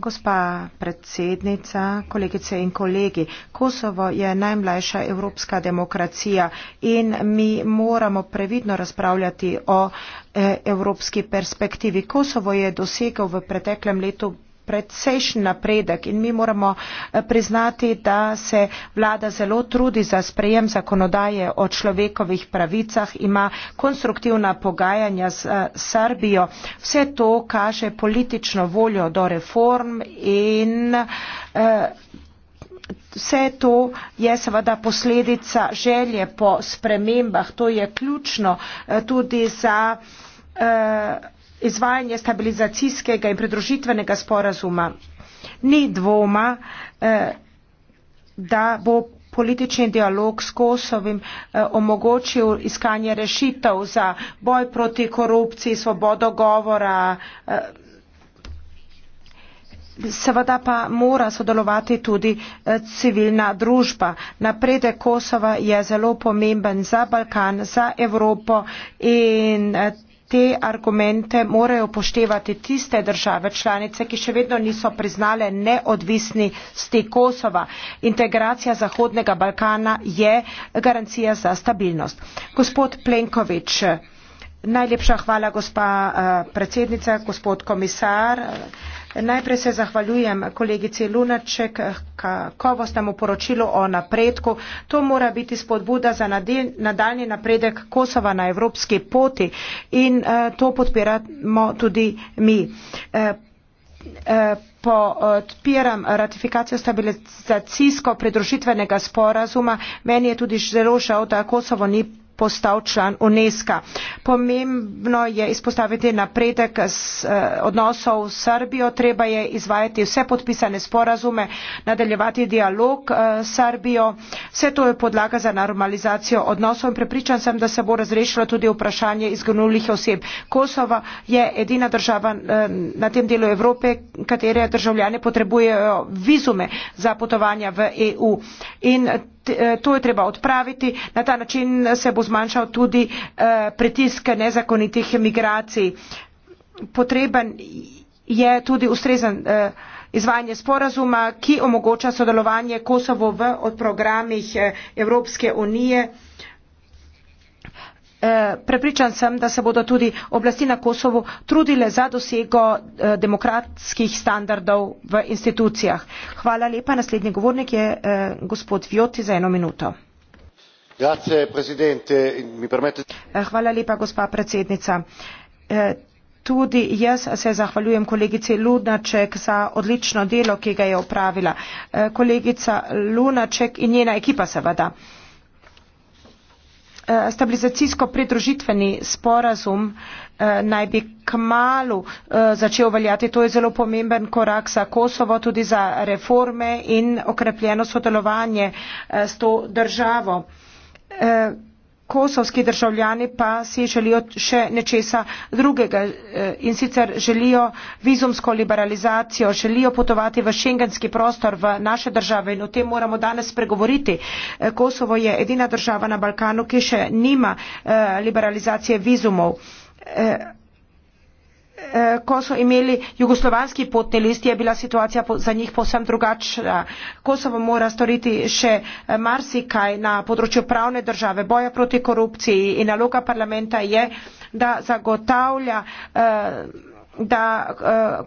Gospa predsednica, kolegice in kolegi, Kosovo je najmlajša evropska demokracija in mi moramo previdno razpravljati o e, evropski perspektivi. Kosovo je dosegel v preteklem letu precejšen napredek in mi moramo eh, priznati, da se vlada zelo trudi za sprejem zakonodaje o človekovih pravicah, ima konstruktivna pogajanja z eh, Srbijo. Vse to kaže politično voljo do reform in eh, vse to je seveda posledica želje po spremembah. To je ključno tudi za izvajanje stabilizacijskega in pridružitvenega sporazuma. Ni dvoma, eh, da bo politični dialog s Kosovim eh, omogočil iskanje rešitev za boj proti korupciji, svobodo govora. Eh, seveda pa mora sodelovati tudi civilna družba. Napredek Kosova je zelo pomemben za Balkan, za Evropo in te argumente morajo upoštevati tiste države članice, ki še vedno niso priznale neodvisnosti Kosova. Integracija Zahodnega Balkana je garancija za stabilnost. Gospod Plenković, najlepša hvala, gospa eh, predsednica, gospod komisar. Najprej se zahvaljujem kolegici Lunaček kakovostnemu poročilu o napredku. To mora biti spodbuda za nadaljni napredek Kosova na evropski poti in eh, to podpiramo tudi mi. Eh, eh, podpiram ratifikacijo stabilizacijsko pridružitvenega sporazuma. Meni je tudi zelo žal, da Kosovo ni postal član UNESCO. Pomembno je izpostaviti napredek eh, odnosov s Srbijo, treba je izvajati vse podpisane sporazume, nadaljevati dialog eh, s Srbijo. Vse to je podlaga za normalizacijo odnosov in prepričan sem, da se bo razrešilo tudi vprašanje izgonulih oseb. Kosova je edina država eh, na tem delu Evrope, katere državljane potrebujejo vizume za potovanja v EU. In Eh, to je treba odpraviti, na ta način se bo zmanjšal tudi eh, pritisk nezakonitih migracij. Potreben je tudi ustrezen eh, izvajanje sporazuma, ki omogoča sodelovanje Kosovo v programih Evropske unije. Eh, prepričan sem da se bodo tudi oblasti na kosovu trudile za dosego eh, demokratskih standardov v institucijah hvala lepa naslednji govornik je eh, gospod viotti za eno minuto hvala lepa gospa predsednica tudi jaz se zahvaljujem kolegici lunacek za odlično delo ki ga je opravila kolegica lunacek in njena ekipa seveda Eh, stabilizacijsko pridružitveni sporazum eh, naj bi kmalu eh, začel veljati. To je zelo pomemben korak za Kosovo, tudi za reforme in okrepljeno sodelovanje s to državo kosovski državljani pa si želijo še nečesa drugega eh, in sicer želijo vizumsko liberalizacijo, želijo potovati v šengenski prostor v naše države in o tem moramo danes spregovoriti. Eh, Kosovo je edina država na Balkanu, ki še nima eh, liberalizacije vizumov. Eh, ko so imeli jugoslovanski potni list, je bila situacija za njih posem drugačna. Kosovo mora storiti še eh, marsikaj na področju pravne države, boja proti korupciji in naloga parlamenta je, da zagotavlja, eh, da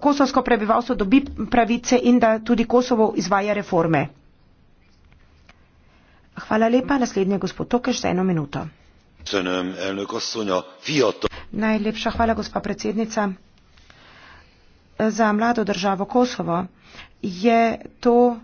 kosovsko prebivalstvo dobi pravice in da tudi Kosovo izvaja reforme. Hvala lepa, naslednji gospod Tokeš za eno minuto. Zanem, Najlepša hvala, gospa predsednica. Za mlado državo Kosovo je to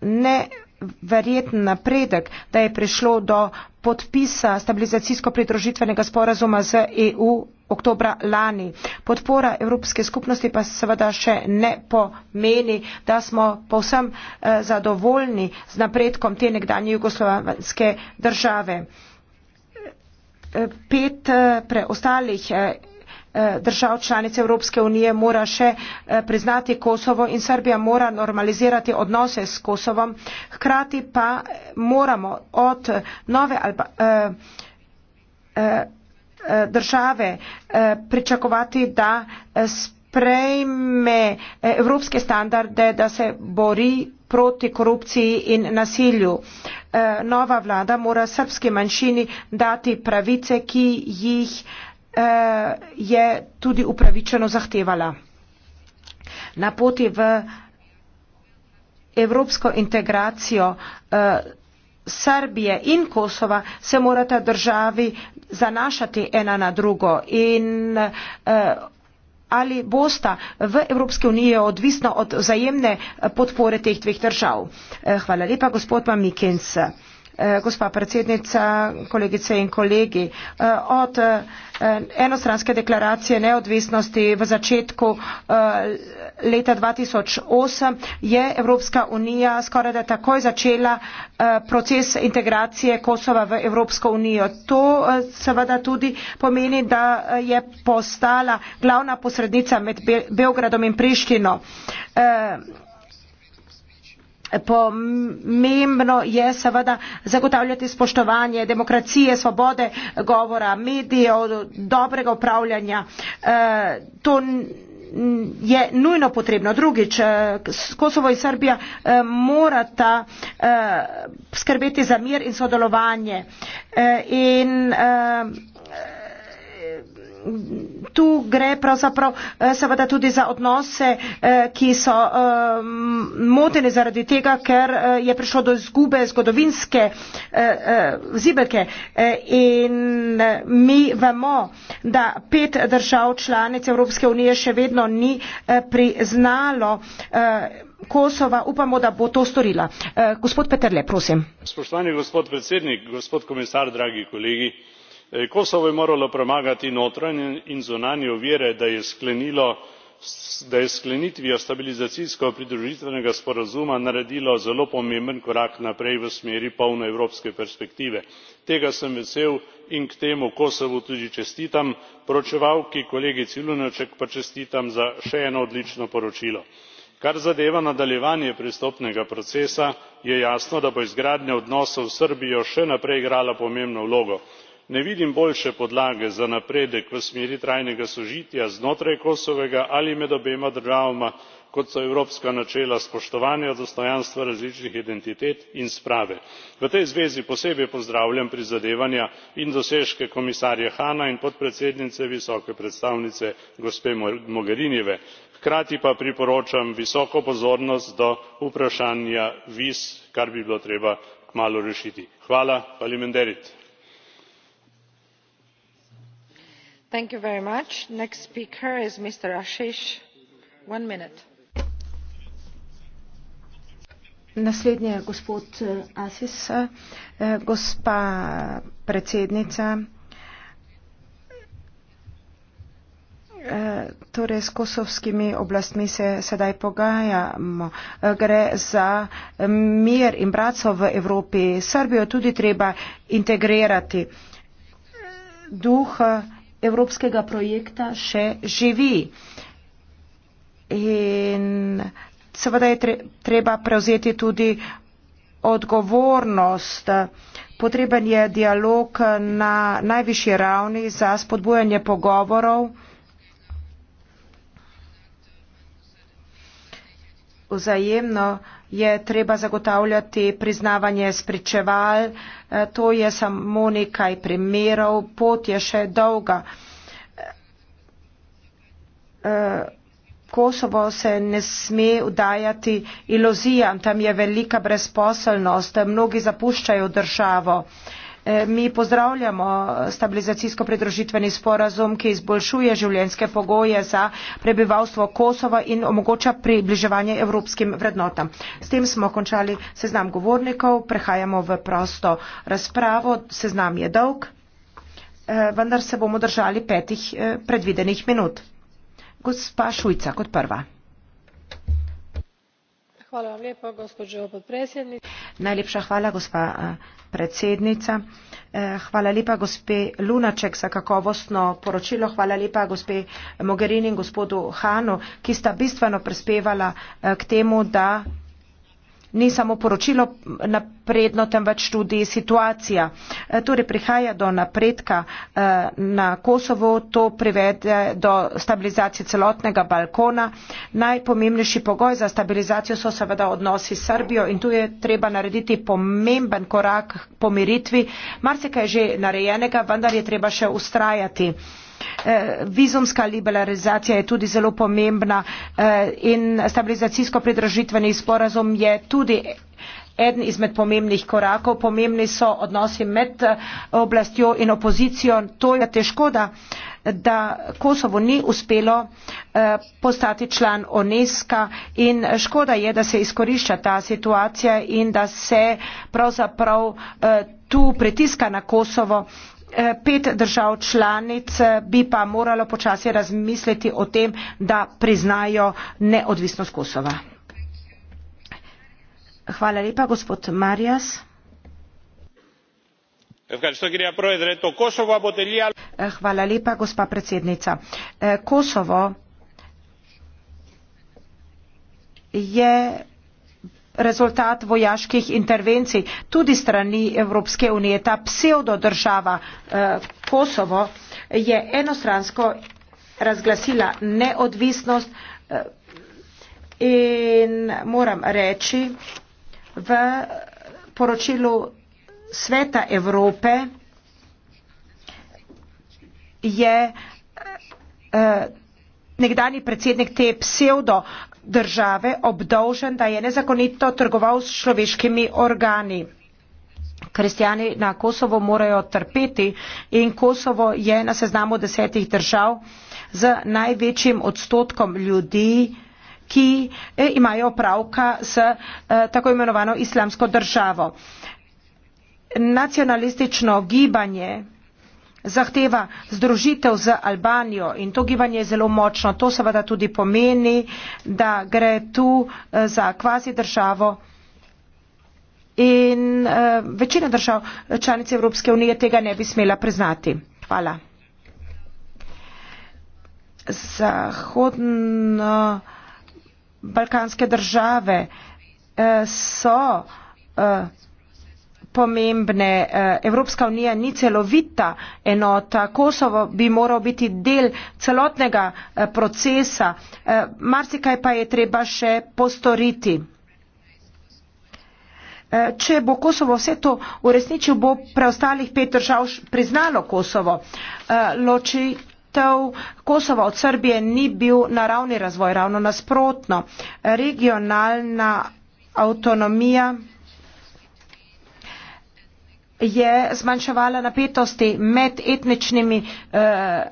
neverjeten napredek, da je prišlo do podpisa stabilizacijsko-pridružitvenega sporazuma z EU oktobra lani. Podpora Evropske skupnosti pa seveda še ne pomeni, da smo povsem eh, zadovoljni z napredkom te nekdanje jugoslovanske države pet eh, preostalih eh, eh, držav članic Evropske unije mora še priznati Kosovo in Srbija mora normalizirati odnose s Kosovom. Hkrati pa moramo od nove Alba, eh, eh, države eh, pričakovati, da sprejme evropske standarde, da se bori proti korupciji in nasilju. Eh, Eh, nova vlada mora srpski manjšini dati pravice, ki jih eh, je tudi upravičeno zahtevala. Na poti v evropsko integracijo eh, Srbije in Kosova se morata državi zanašati ena na drugo in ali bosta v Evropske unije odvisna od vzajemne podpore teh dveh držav. Eh, hvala lepa, gospod pa Mikens. Eh, gospa predsednica, kolegice in kolegi. Eh, od eh, enostranske deklaracije neodvisnosti v začetku leta 2008 je Evropska unija skoraj da takoj začela proces integracije Kosova v Evropsko unijo. To seveda tudi pomeni, da je postala glavna posrednica med Beogradom in Prištino. Pomembno je seveda zagotavljati spoštovanje demokracije, svobode govora, medijev, dobrega upravljanja. Eh, to je nujno potrebno. Drugič, eh, Kosovo in Srbija eh, morata skrbeti za mir in sodelovanje. In, tu gre pravzaprav eh, seveda tudi za odnose, eh, ki so eh, moteni zaradi tega, ker je prišlo do izgube zgodovinske zibelke. In mi vemo, da pet držav članic Evropske unije še vedno ni priznalo Kosova. Upamo, da bo to storila. Gospod Peterle, prosim. Spoštovani gospod predsednik, gospod komisar, dragi kolegi. E, kosovo je moralo premagati notranje in zunanje ovire da je s sklenitvijo stabilizacijsko pridružitvenega sporazuma naredilo zelo pomemben korak naprej v smeri polne evropske perspektive. tega sem vesel in k temu kosovu tudi čestitam poročevalki kolegici lunacek pa čestitam za še eno odlično poročilo. kar zadeva nadaljevanje pristopnega procesa je jasno da bo izgradnja odnosov s srbijo še naprej igrala pomembno vlogo ne vidim boljše podlage za napredek v smeri trajnega sožitja znotraj kosovega ali med obema državama kot so evropska načela spoštovanja dostojanstva različnih identitet in sprave. v tej zvezi posebej pozdravljam prizadevanja in dosežke komisarja hahna in podpredsednice visoke predstavnice gospe mogherinijeve hkrati pa priporočam visoko pozornost do vprašanja viz kar bi bilo treba kmalu rešiti. hvala parliamentarit. naslednji je gospod eh, assis eh, gospa predsednica eh, torej s kosovskimi oblastmi se sedaj pogajamo gre za mir in bratstvo v evropi srbijo tudi treba integrirati duh evropskega projekta še živi. In seveda je treba prevzeti tudi odgovornost. Potreben je dialog na najvišji ravni za spodbujanje pogovorov vzajemno je treba zagotavljati priznavanje spričeval. Eh, to je samo nekaj primerov, pot je še dolga. Eh, Kosovo se ne sme udajati iluzijam, tam je velika brezposelnost, mnogi zapuščajo državo. Eh, mi pozdravljamo stabilizacijsko pridružitveni sporazum, ki izboljšuje življenjske pogoje za prebivalstvo Kosova in omogoča približevanje evropskim vrednotam. S tem smo končali seznam govornikov, prehajamo v prosto razpravo, seznam je dolg, eh, vendar se bomo držali petih eh, predvidenih minut. Gospa Šujca kot prva najlepša hvala gospa eh, predsednica eh, hvala lepa gospe lunaček za kakovostno poročilo hvala lepa gospe mogherini in gospodu hanu ki sta bistveno prispevala eh, k temu da ni samo poročilo napredno, temveč tudi situacija. E, torej prihaja do napredka e, na Kosovo, to privede do stabilizacije celotnega balkona. Najpomembnejši pogoj za stabilizacijo so seveda odnosi s Srbijo in tu je treba narediti pomemben korak pomiritvi. Marsika je že narejenega, vendar je treba še ustrajati. Eh, vizumska liberalizacija je tudi zelo pomembna eh, in stabilizacijsko-pridržitveni sporazum je tudi eden izmed pomembnih korakov. Pomembni so odnosi med eh, oblastjo in opozicijo. To je težko, da, da Kosovo ni uspelo postati član UNESCO in škoda je, da se izkorišča ta situacija in da se pravzaprav tu pritiska na Kosovo, Eh, pet držav članic eh, bi pa moralo počasi razmisliti o tem, da priznajo neodvisnost Kosova. Hvala lepa, gospod Marjas. Eh, hvala lepa, gospa predsednica. Kosovo je rezultat vojaških intervencij tudi strani Evropske unije. Ta psevdo država eh, Kosovo je enostransko razglasila neodvisnost eh, in moram reči, v poročilu Sveta Evrope je eh, nekdani predsednik te psevdo države obdolžen, da je nezakonito trgoval s človeškimi organi. Kristijani na Kosovo morajo trpeti in Kosovo je na seznamu desetih držav z največjim odstotkom ljudi, ki eh, imajo opravka s eh, tako imenovano islamsko državo. Nacionalistično gibanje zahteva združitev z Albanijo in to gibanje je zelo močno. To seveda tudi pomeni, da gre tu eh, za kvazi državo. In uh, večina držav eh, članic Evropske unije tega ne bi smela priznati. Hvala. Zahodno balkanske države uh, so uh, pomembne. Eh, Evropska unija ni celovita enota. Kosovo bi moral biti del celotnega eh, procesa. Eh, marsikaj pa je treba še postoriti. Če bo Kosovo vse to uresničil, bo preostalih pet držav priznalo Kosovo. Loči Kosova od Srbije ni bil naravni razvoj, ravno nasprotno. Regionalna autonomija je zmanjševala napetosti med etničnimi eh,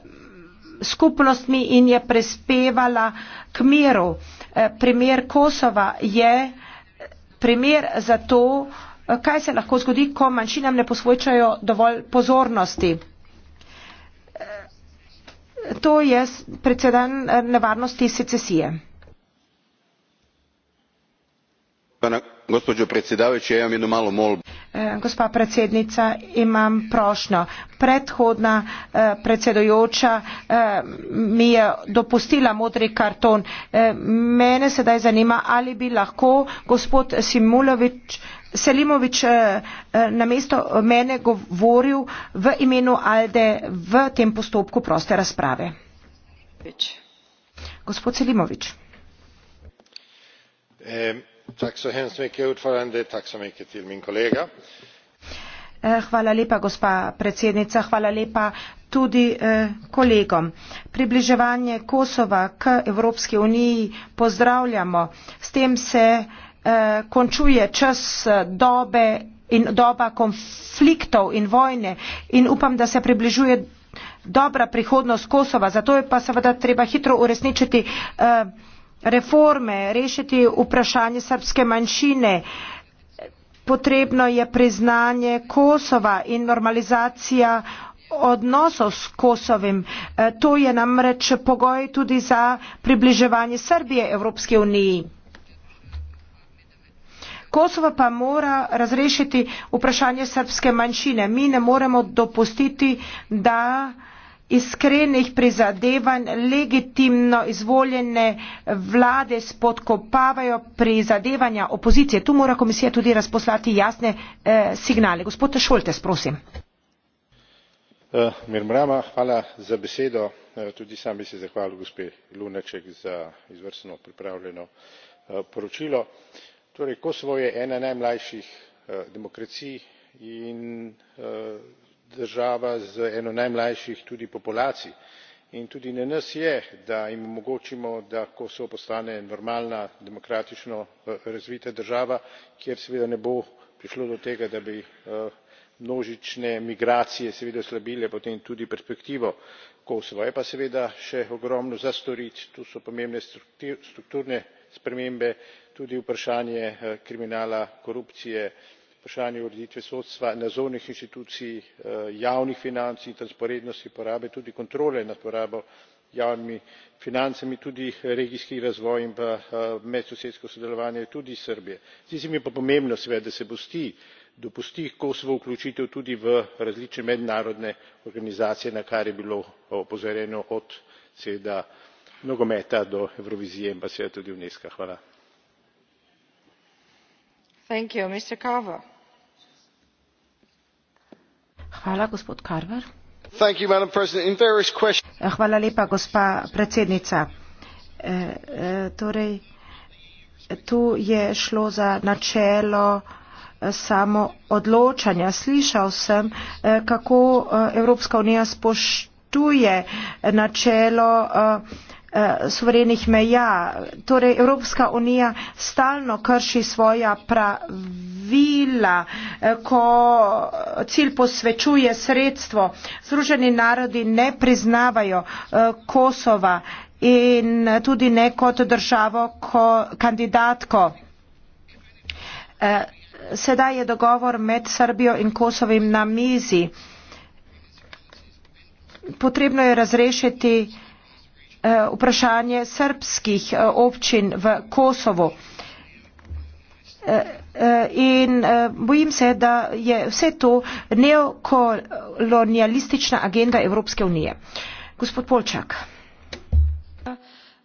skupnostmi in je prispevala k miru. Eh, primer Kosova je eh, primer za to, eh, kaj se lahko zgodi, ko manjšinam ne posvojčajo dovolj pozornosti. Eh, to je predseden nevarnosti secesije. Ja e, gospa predsednica imam prošnjo predhodna e, predsedujoča e, mi je dopustila modri karton mene sedaj zanima ali bi lahko gospod simulovič selimovič namesto mene govoril v imenu alde v tem postopku proste razprave gospod selimovič Eh, hvala lepa tudi eh, kolegom. približevanje kosova k evropski uniji pozdravljamo s tem se eh, končuje čas dobe in doba konfliktov in vojne in upam da se približuje dobra prihodnost kosova zato je pa seveda treba hitro uresničiti reforme, rešiti vprašanje srpske manjšine, potrebno je priznanje Kosova in normalizacija odnosov s Kosovim. E, to je namreč pogoj tudi za približevanje Srbije Evropske unije. Kosovo pa mora razrešiti vprašanje srpske manjšine. Mi ne moremo dopustiti, da iskrenih prizadevanj legitimno izvoljene vlade spodkopavajo prizadevanja opozicije. Tu mora komisija tudi razposlati jasne eh, signale. Gospod Šoltes, prosim. Eh, mir Mrama, hvala za besedo. Eh, tudi sam bi se zahvalil gospe Lunaček za izvrstno pripravljeno eh, poročilo. Torej, Kosovo je ena najmlajših demokracij in država z eno najmlajših tudi populacij in tudi na nas je da jim omogočimo da kosovo postane normalna demokratično eh, razvita država kjer seveda ne bo prišlo do tega da bi eh, množične migracije seveda slabile potem tudi perspektivo kosova. je pa seveda še ogromno za storit tu so pomembne strukturne spremembe tudi vprašanje eh, kriminala korupcije vprašanje ureditve sodstva nadzornih inštitucij eh, javnih financ in transparentnosti porabe tudi kontrole nad porabo javnimi financami tudi regijski razvoj in pa eh, medsosedsko sodelovanje tudi srbije. zdi se mi pa pomembno seveda da se pusti dopusti kosovo vključitev tudi v različne mednarodne organizacije na kar je bilo eh, opozorjeno od seveda nogometa do evrovizije in pa seveda tudi unesca. Eh, hvala lepa, gospa predsednica. Eh, eh, torej, tu je šlo za načelo samo odločanja. Slišal sem, kako Evropska unija spoštuje načelo Eh, suverenih meja. Torej, Evropska unija stalno krši svoja pravila, eh, ko cilj posvečuje sredstvo. Združeni narodi ne priznavajo eh, Kosova in tudi ne kot državo ko kandidatko. Sedaj je dogovor med Srbijo in Kosovim na mizi. Potrebno je razrešiti Eh, vprašanje srbskih eh, občin v Kosovo. Eh, in bojim se, da je vse to neokolonialistična agenda Evropske unije. Gospod Polčak,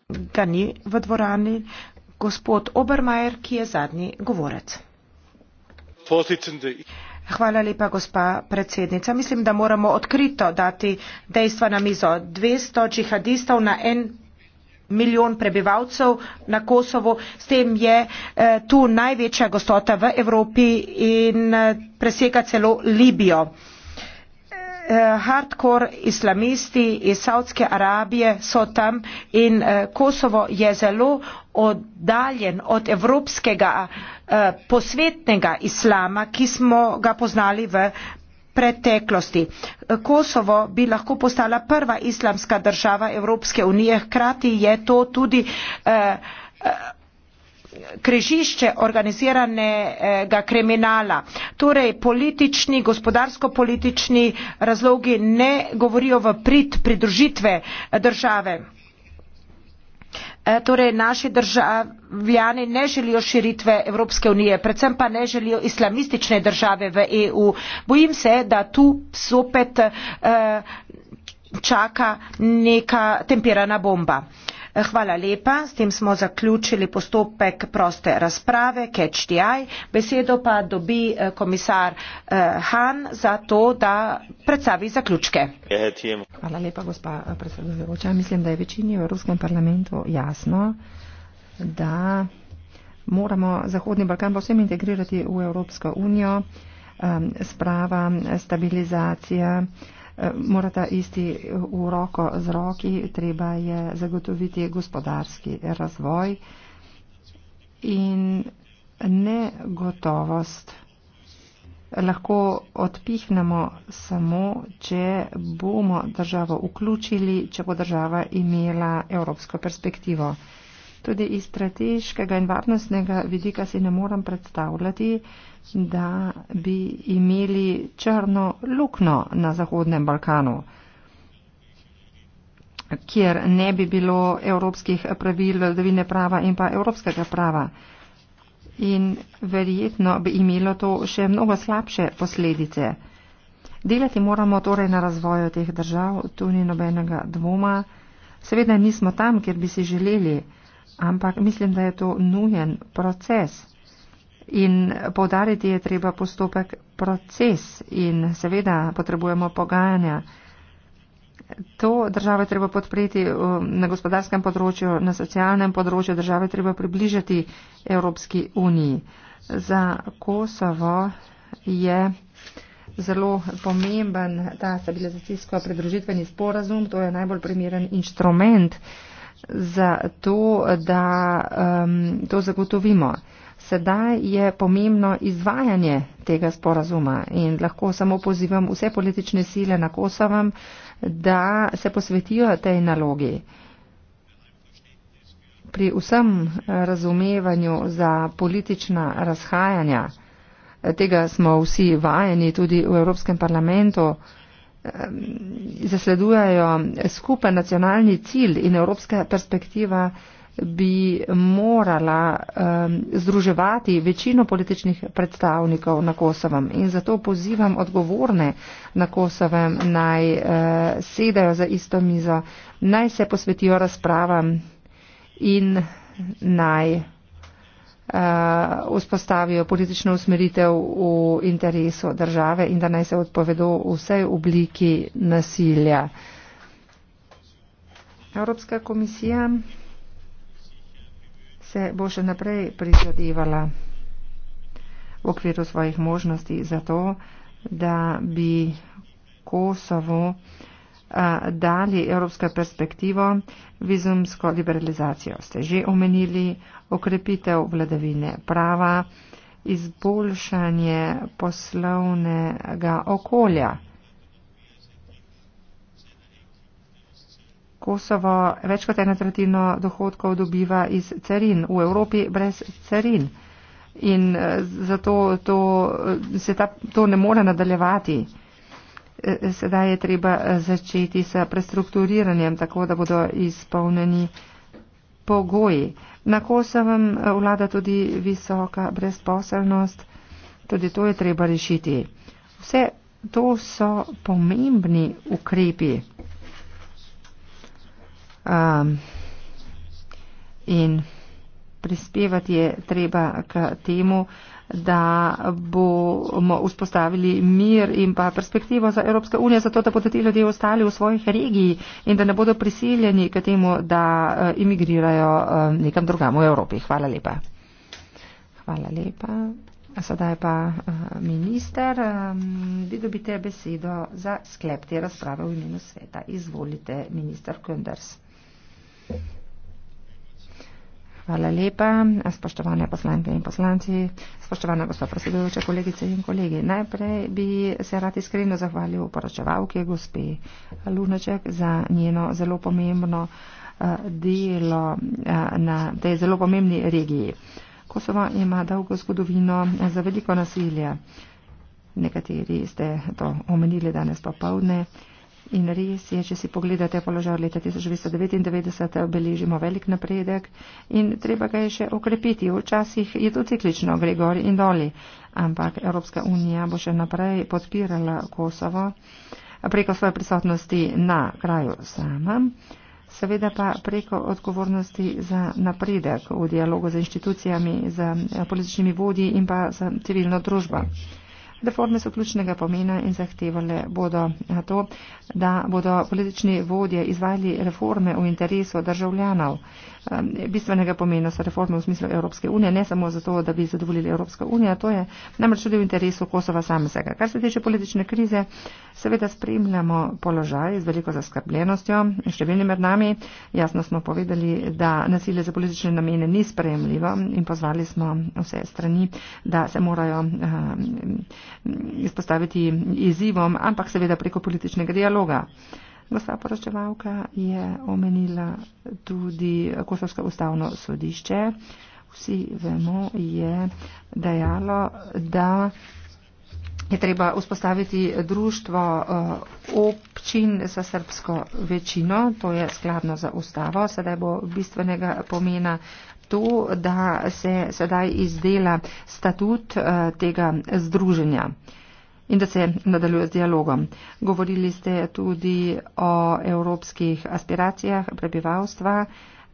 ga ni v dvorani. Gospod Obermajer, ki je zadnji govorec. Hvala lepa, gospa predsednica. Mislim, da moramo odkrito dati dejstva na mizo. 200 džihadistov na en milijon prebivalcev na Kosovo, s tem je eh, tu največja gostota v Evropi in eh, presega celo Libijo. Eh, hardcore islamisti iz Saudske Arabije so tam in eh, Kosovo je zelo oddaljen od evropskega eh, posvetnega islama, ki smo ga poznali v preteklosti. Kosovo bi lahko postala prva islamska država Evropske unije, hkrati je to tudi eh, križišče organiziranega kriminala. Torej politični, gospodarsko-politični razlogi ne govorijo v prid pridružitve države. E, torej naši državljani ne želijo širitve Evropske unije, predvsem pa ne želijo islamistične države v EU. Bojim se, da tu zopet e, čaka neka temperana bomba. Hvala lepa. S tem smo zaključili postopek proste razprave, catch-the-eye. Besedo pa dobi eh, komisar eh, Han za to, da predstavi zaključke. Hvala lepa, gospa eh, predsedujoča. Mislim, da je večini v Evropskem parlamentu jasno, da moramo Zahodni Balkan posebno integrirati v Evropsko unijo. Sprava, stabilizacija morata isti v roko z roki, treba je zagotoviti gospodarski razvoj in negotovost lahko odpihnemo samo, če bomo državo vključili, če bo država imela evropsko perspektivo. Tudi iz strateškega in varnostnega vidika si ne morem predstavljati, da bi imeli črno lukno na Zahodnem Balkanu, kjer ne bi bilo evropskih pravil vladavine prava in pa evropskega prava. In verjetno bi imelo to še mnogo slabše posledice. Delati moramo torej na razvoju teh držav, tu ni nobenega dvoma. Seveda nismo tam, kjer bi si želeli ampak mislim, da je to nujen proces. In povdariti je treba postopek proces in seveda potrebujemo pogajanja. To države treba podpreti eh, na gospodarskem področju, na socialnem področju, države treba približati Evropski uniji. Za Kosovo je zelo pomemben ta stabilizacijsko pridružitveni sporazum, to je najbolj primeren inštrument eh, za to, da um, to zagotovimo. Sedaj je pomembno izvajanje tega sporazuma in lahko samo pozivam vse politične sile na Kosovem, da se posvetijo tej nalogi. Pri vsem razumevanju za politična razhajanja, tega smo vsi vajeni tudi v Evropskem parlamentu, Eh, zasledujejo skupen nacionalni cilj in evropska perspektiva bi morala um, združevati večino političnih predstavnikov na Kosovem. In zato pozivam odgovorne na Kosovem naj uh, eh, sedajo za isto mizo, naj se posvetijo razpravam in naj Eh, vzpostavijo politično usmeritev v interesu države in da naj se odpovedo vse obliki nasilja. Evropska komisija se bo še naprej prizadevala v okviru svojih možnosti za to, da bi Kosovo uh, dali evropsko perspektivo, vizumsko liberalizacijo. Ste že omenili okrepitev vladavine prava, izboljšanje poslovnega okolja. Kosovo več kot eno tretjino dohodkov dobiva iz carin, v Evropi brez carin. In eh, zato to, se ta, to ne more nadaljevati. Eh, sedaj je treba eh, začeti s prestrukturiranjem, tako da bodo izpolneni pogoji. Na Kosovem eh, vlada tudi visoka brezposelnost, tudi to je treba rešiti. Vse to so pomembni ukrepi. Um, in prispevati je treba k temu, da bomo vzpostavili mir in pa perspektivo za Evropsko unijo, zato da bodo ti ljudje ostali v svojih regiji in da ne bodo prisiljeni k temu, da eh, imigrirajo eh, nekam drugam v Evropi. Hvala lepa. Hvala lepa. Sedaj pa eh, minister, vi dobite besedo za sklep te razprave v imenu sveta. Izvolite, minister Künders. Thank you. Hvala lepa, spoštovane poslanke in poslanci, spoštovana gospod predsedujoča, kolegice in kolegi. Najprej bi se rad iskreno zahvalil poročevalke gospe Lunaček za njeno zelo pomembno eh, delo eh, na tej zelo pomembni regiji. Kosova ima dolgo zgodovino eh, za veliko nasilja. Nekateri ste to omenili danes popovdne. Pa In res je, če si pogledate položaj od leta 1999, beležimo velik napredek in treba ga je še okrepiti. Včasih je to ciklično, gre gor in doli, ampak Evropska unija bo še naprej podpirala Kosovo preko svoje prisotnosti na kraju samem. Seveda pa preko odgovornosti za napredek v dialogu z inštitucijami, z političnimi vodji in pa z civilno družbo. Reforme so ključnega pomena in zahtevale bodo na eh, to, da bodo politični vodje izvajali reforme v interesu državljanov. Eh, bistvenega pomena so reforme v smislu Evropske unije, ne samo zato, da bi zadovoljili Evropsko unijo, to je namreč tudi v interesu Kosova samega. Kar se tiče politične krize, seveda spremljamo položaj z veliko zaskrbljenostjo. Številni med nami jasno smo povedali, da nasilje za politične namene ni spremljivo in pozvali smo vse strani, da se morajo. Uh, izpostaviti izzivom, ampak seveda preko političnega dialoga. Gospa poročevalka je omenila tudi Kosovsko ustavno sodišče. Vsi vemo, je dejalo, da je treba vzpostaviti društvo eh, občin za srbsko večino, to je skladno za ustavo, sedaj bo bistvenega pomena to, da se sedaj izdela statut eh, tega združenja in da se nadaljuje z dialogom. Govorili ste tudi o evropskih aspiracijah prebivalstva,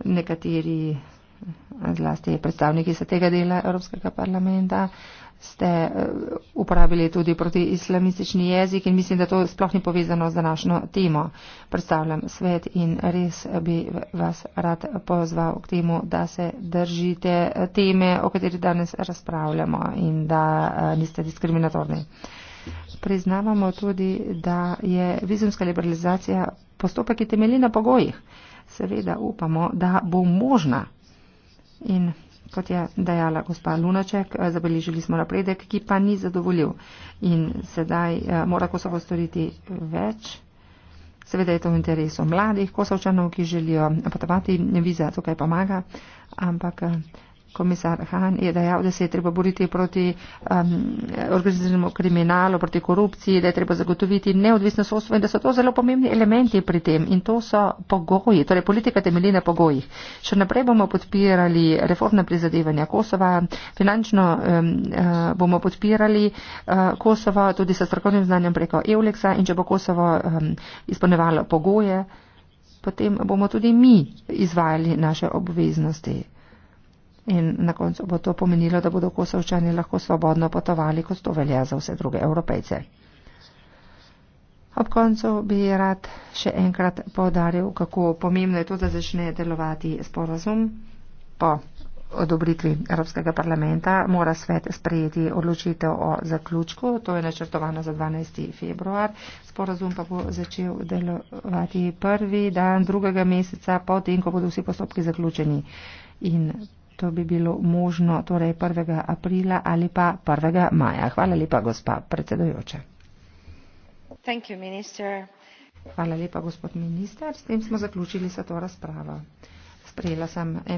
nekateri eh, zlasti predstavniki se tega dela Evropskega parlamenta, ste eh, uporabili tudi proti islamistični jezik in mislim, da to sploh ni povezano z današnjo temo. Predstavljam svet in res bi vas rad pozval k temu, da se držite teme, o kateri danes razpravljamo in da eh, niste diskriminatorni. Priznavamo tudi, da je vizumska liberalizacija postopek, ki temeli na pogojih. Seveda upamo, da bo možna. In kot je dejala gospa Lunaček, eh, zabeležili smo napredek, ki pa ni zadovoljiv. In sedaj eh, mora Kosovo storiti več. Seveda je to v interesu mladih kosovčanov, ki želijo potovati, viza tukaj pomaga, ampak eh, komisar Han je dejal, da se je treba boriti proti um, organiziranemu kriminalu, proti korupciji, da je treba zagotoviti neodvisno sodstvo in da so to zelo pomembni elementi pri tem in to so pogoji, torej politika temelji na pogojih. Še naprej bomo podpirali reformne prizadevanja Kosova, finančno um, uh, bomo podpirali uh, Kosovo tudi sa strokovnim znanjem preko Euleksa in če bo Kosovo um, izpolnevalo pogoje, potem bomo tudi mi izvajali naše obveznosti. In na koncu bo to pomenilo, da bodo kosovčani lahko svobodno potovali, kot to velja za vse druge evropejce. Ob koncu bi rad še enkrat povdaril, kako pomembno je to, da začne delovati sporazum po odobritvi Evropskega parlamenta. Mora svet sprejeti odločitev o zaključku, to je načrtovano za 12. februar. Sporazum pa bo začel delovati prvi dan drugega meseca, potem, ko bodo vsi postopki zaključeni in To bi bilo možno torej 1. aprila ali pa 1. maja. Hvala lepa, gospa predsedojoča. You, Hvala lepa, gospod minister. S tem smo zaključili sa to razpravo. Sprejela sem eno.